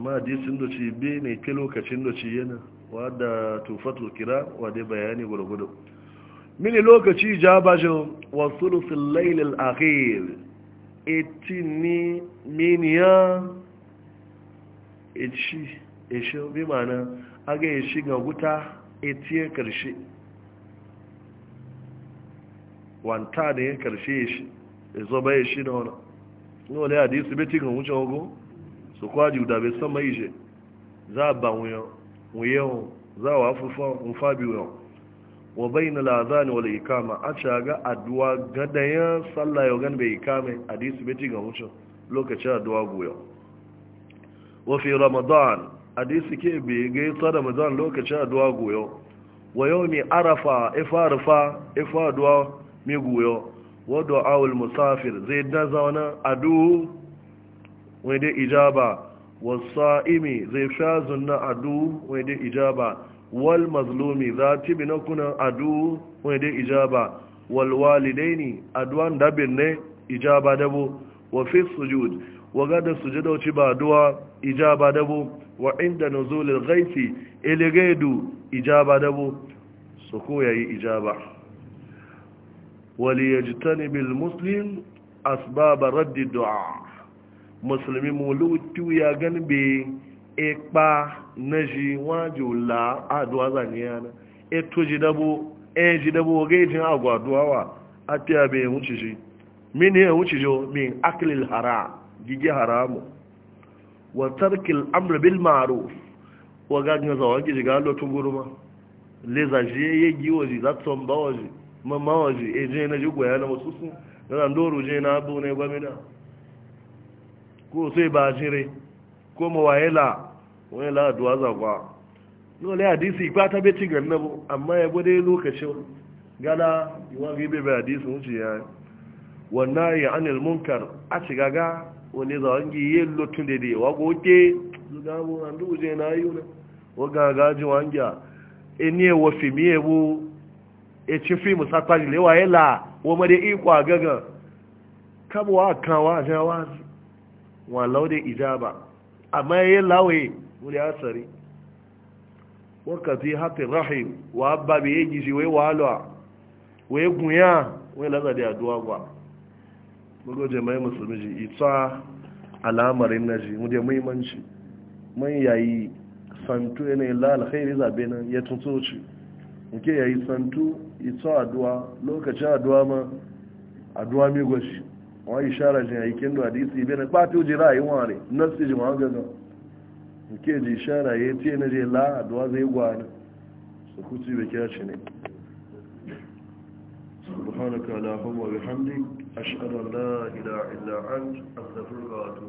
amma hadisin da ci bi ne ke lokacin da ci yana wadda tufatul kira wadda bayani gudu-gudu mini lokaci ja bashin wasu rufin lailin akhir eti ni miniya eci eci bi mana aga eci ga guta eti ya karshe wanta da ya karshe ya shi ya zoba ya shi da wani wani hadisi beti ga wuce ogun su kwaji da bai san mai za a ba wuyan za wa fufa fabi wuyan wa bayyana lazani wale ikama a ga aduwa gadayen sallah yau gan bai ikame disu bai ga wucin lokacin aduwa goyon wa fi ramadan disu ke bai gaisa ramadan lokacin aduwa goyon wa yau mai arafa ifa rufa ifa aduwa mai goyon wa awul musafir zai dan zauna aduwa. wai dai ijaba wasa'imi zai sha zunna adu wai dai ijaba wal mazlumi za ti bi na kunan adu wai dai ijaba wal walidaini aduwan dabin ne ijaba dabo wa fi sujud wa gada sujada ba aduwa ijaba dabo wa inda nuzulil gaifi iligaidu ijaba dabo su ko yayi ijaba wali ya bil muslim asbaba raddi du'a musulmi mulutu ya gan be ekpa na ji wajo la aduwa zaniya na eto e ji dabo en ji dabo ga ji agwa duwawa atiya be wuce ji min ya wuce jo min aklil hara gige haramu wa tarkil amr bil ma'ruf wa ga ga zawa gi ga lo tunguruma le za je ye gi oji za tsomba oji mama oji e na na na ko sai ba jire ko mawayela wani la'aduwa zagwa dole hadisi amma ya gode lokacin gana yiwa gibe bai wuce ya yi wannan ya anil munkar a shiga ga wani zawon gi da dai zuga bu an je na wani waga gaji wangiya eni ya e la walau da ijaba amma ya yayi lawaye wuri asari wakati hati rahim wa abba bi yi si wai walwa Wai gunya wai laza da addu'a gwa mugo jama'i musulmi ji ita al'amarin na mu da muhimmanci mun yayi santu yana ne la alkhairi zabe nan ya ci nke yayi santu ita addu'a lokacin addu'a ma addu'a mai gwashi wọ́n ìṣára jẹ́ ìkíndò àdísì ìbẹ̀rẹ̀ pàtí ó jẹ́rà yíwọ̀n rẹ̀ nọ́sí jùmọ̀ gẹ́gẹ́ ìkéjì ìṣára yẹ tí ẹni jẹ́ láàdọ́wà zai gwà ní sọkútù ìbẹ̀ kíá shi ne subhanaka allahumma bihamdik ashhadu an la ilaha illa ant astaghfiruka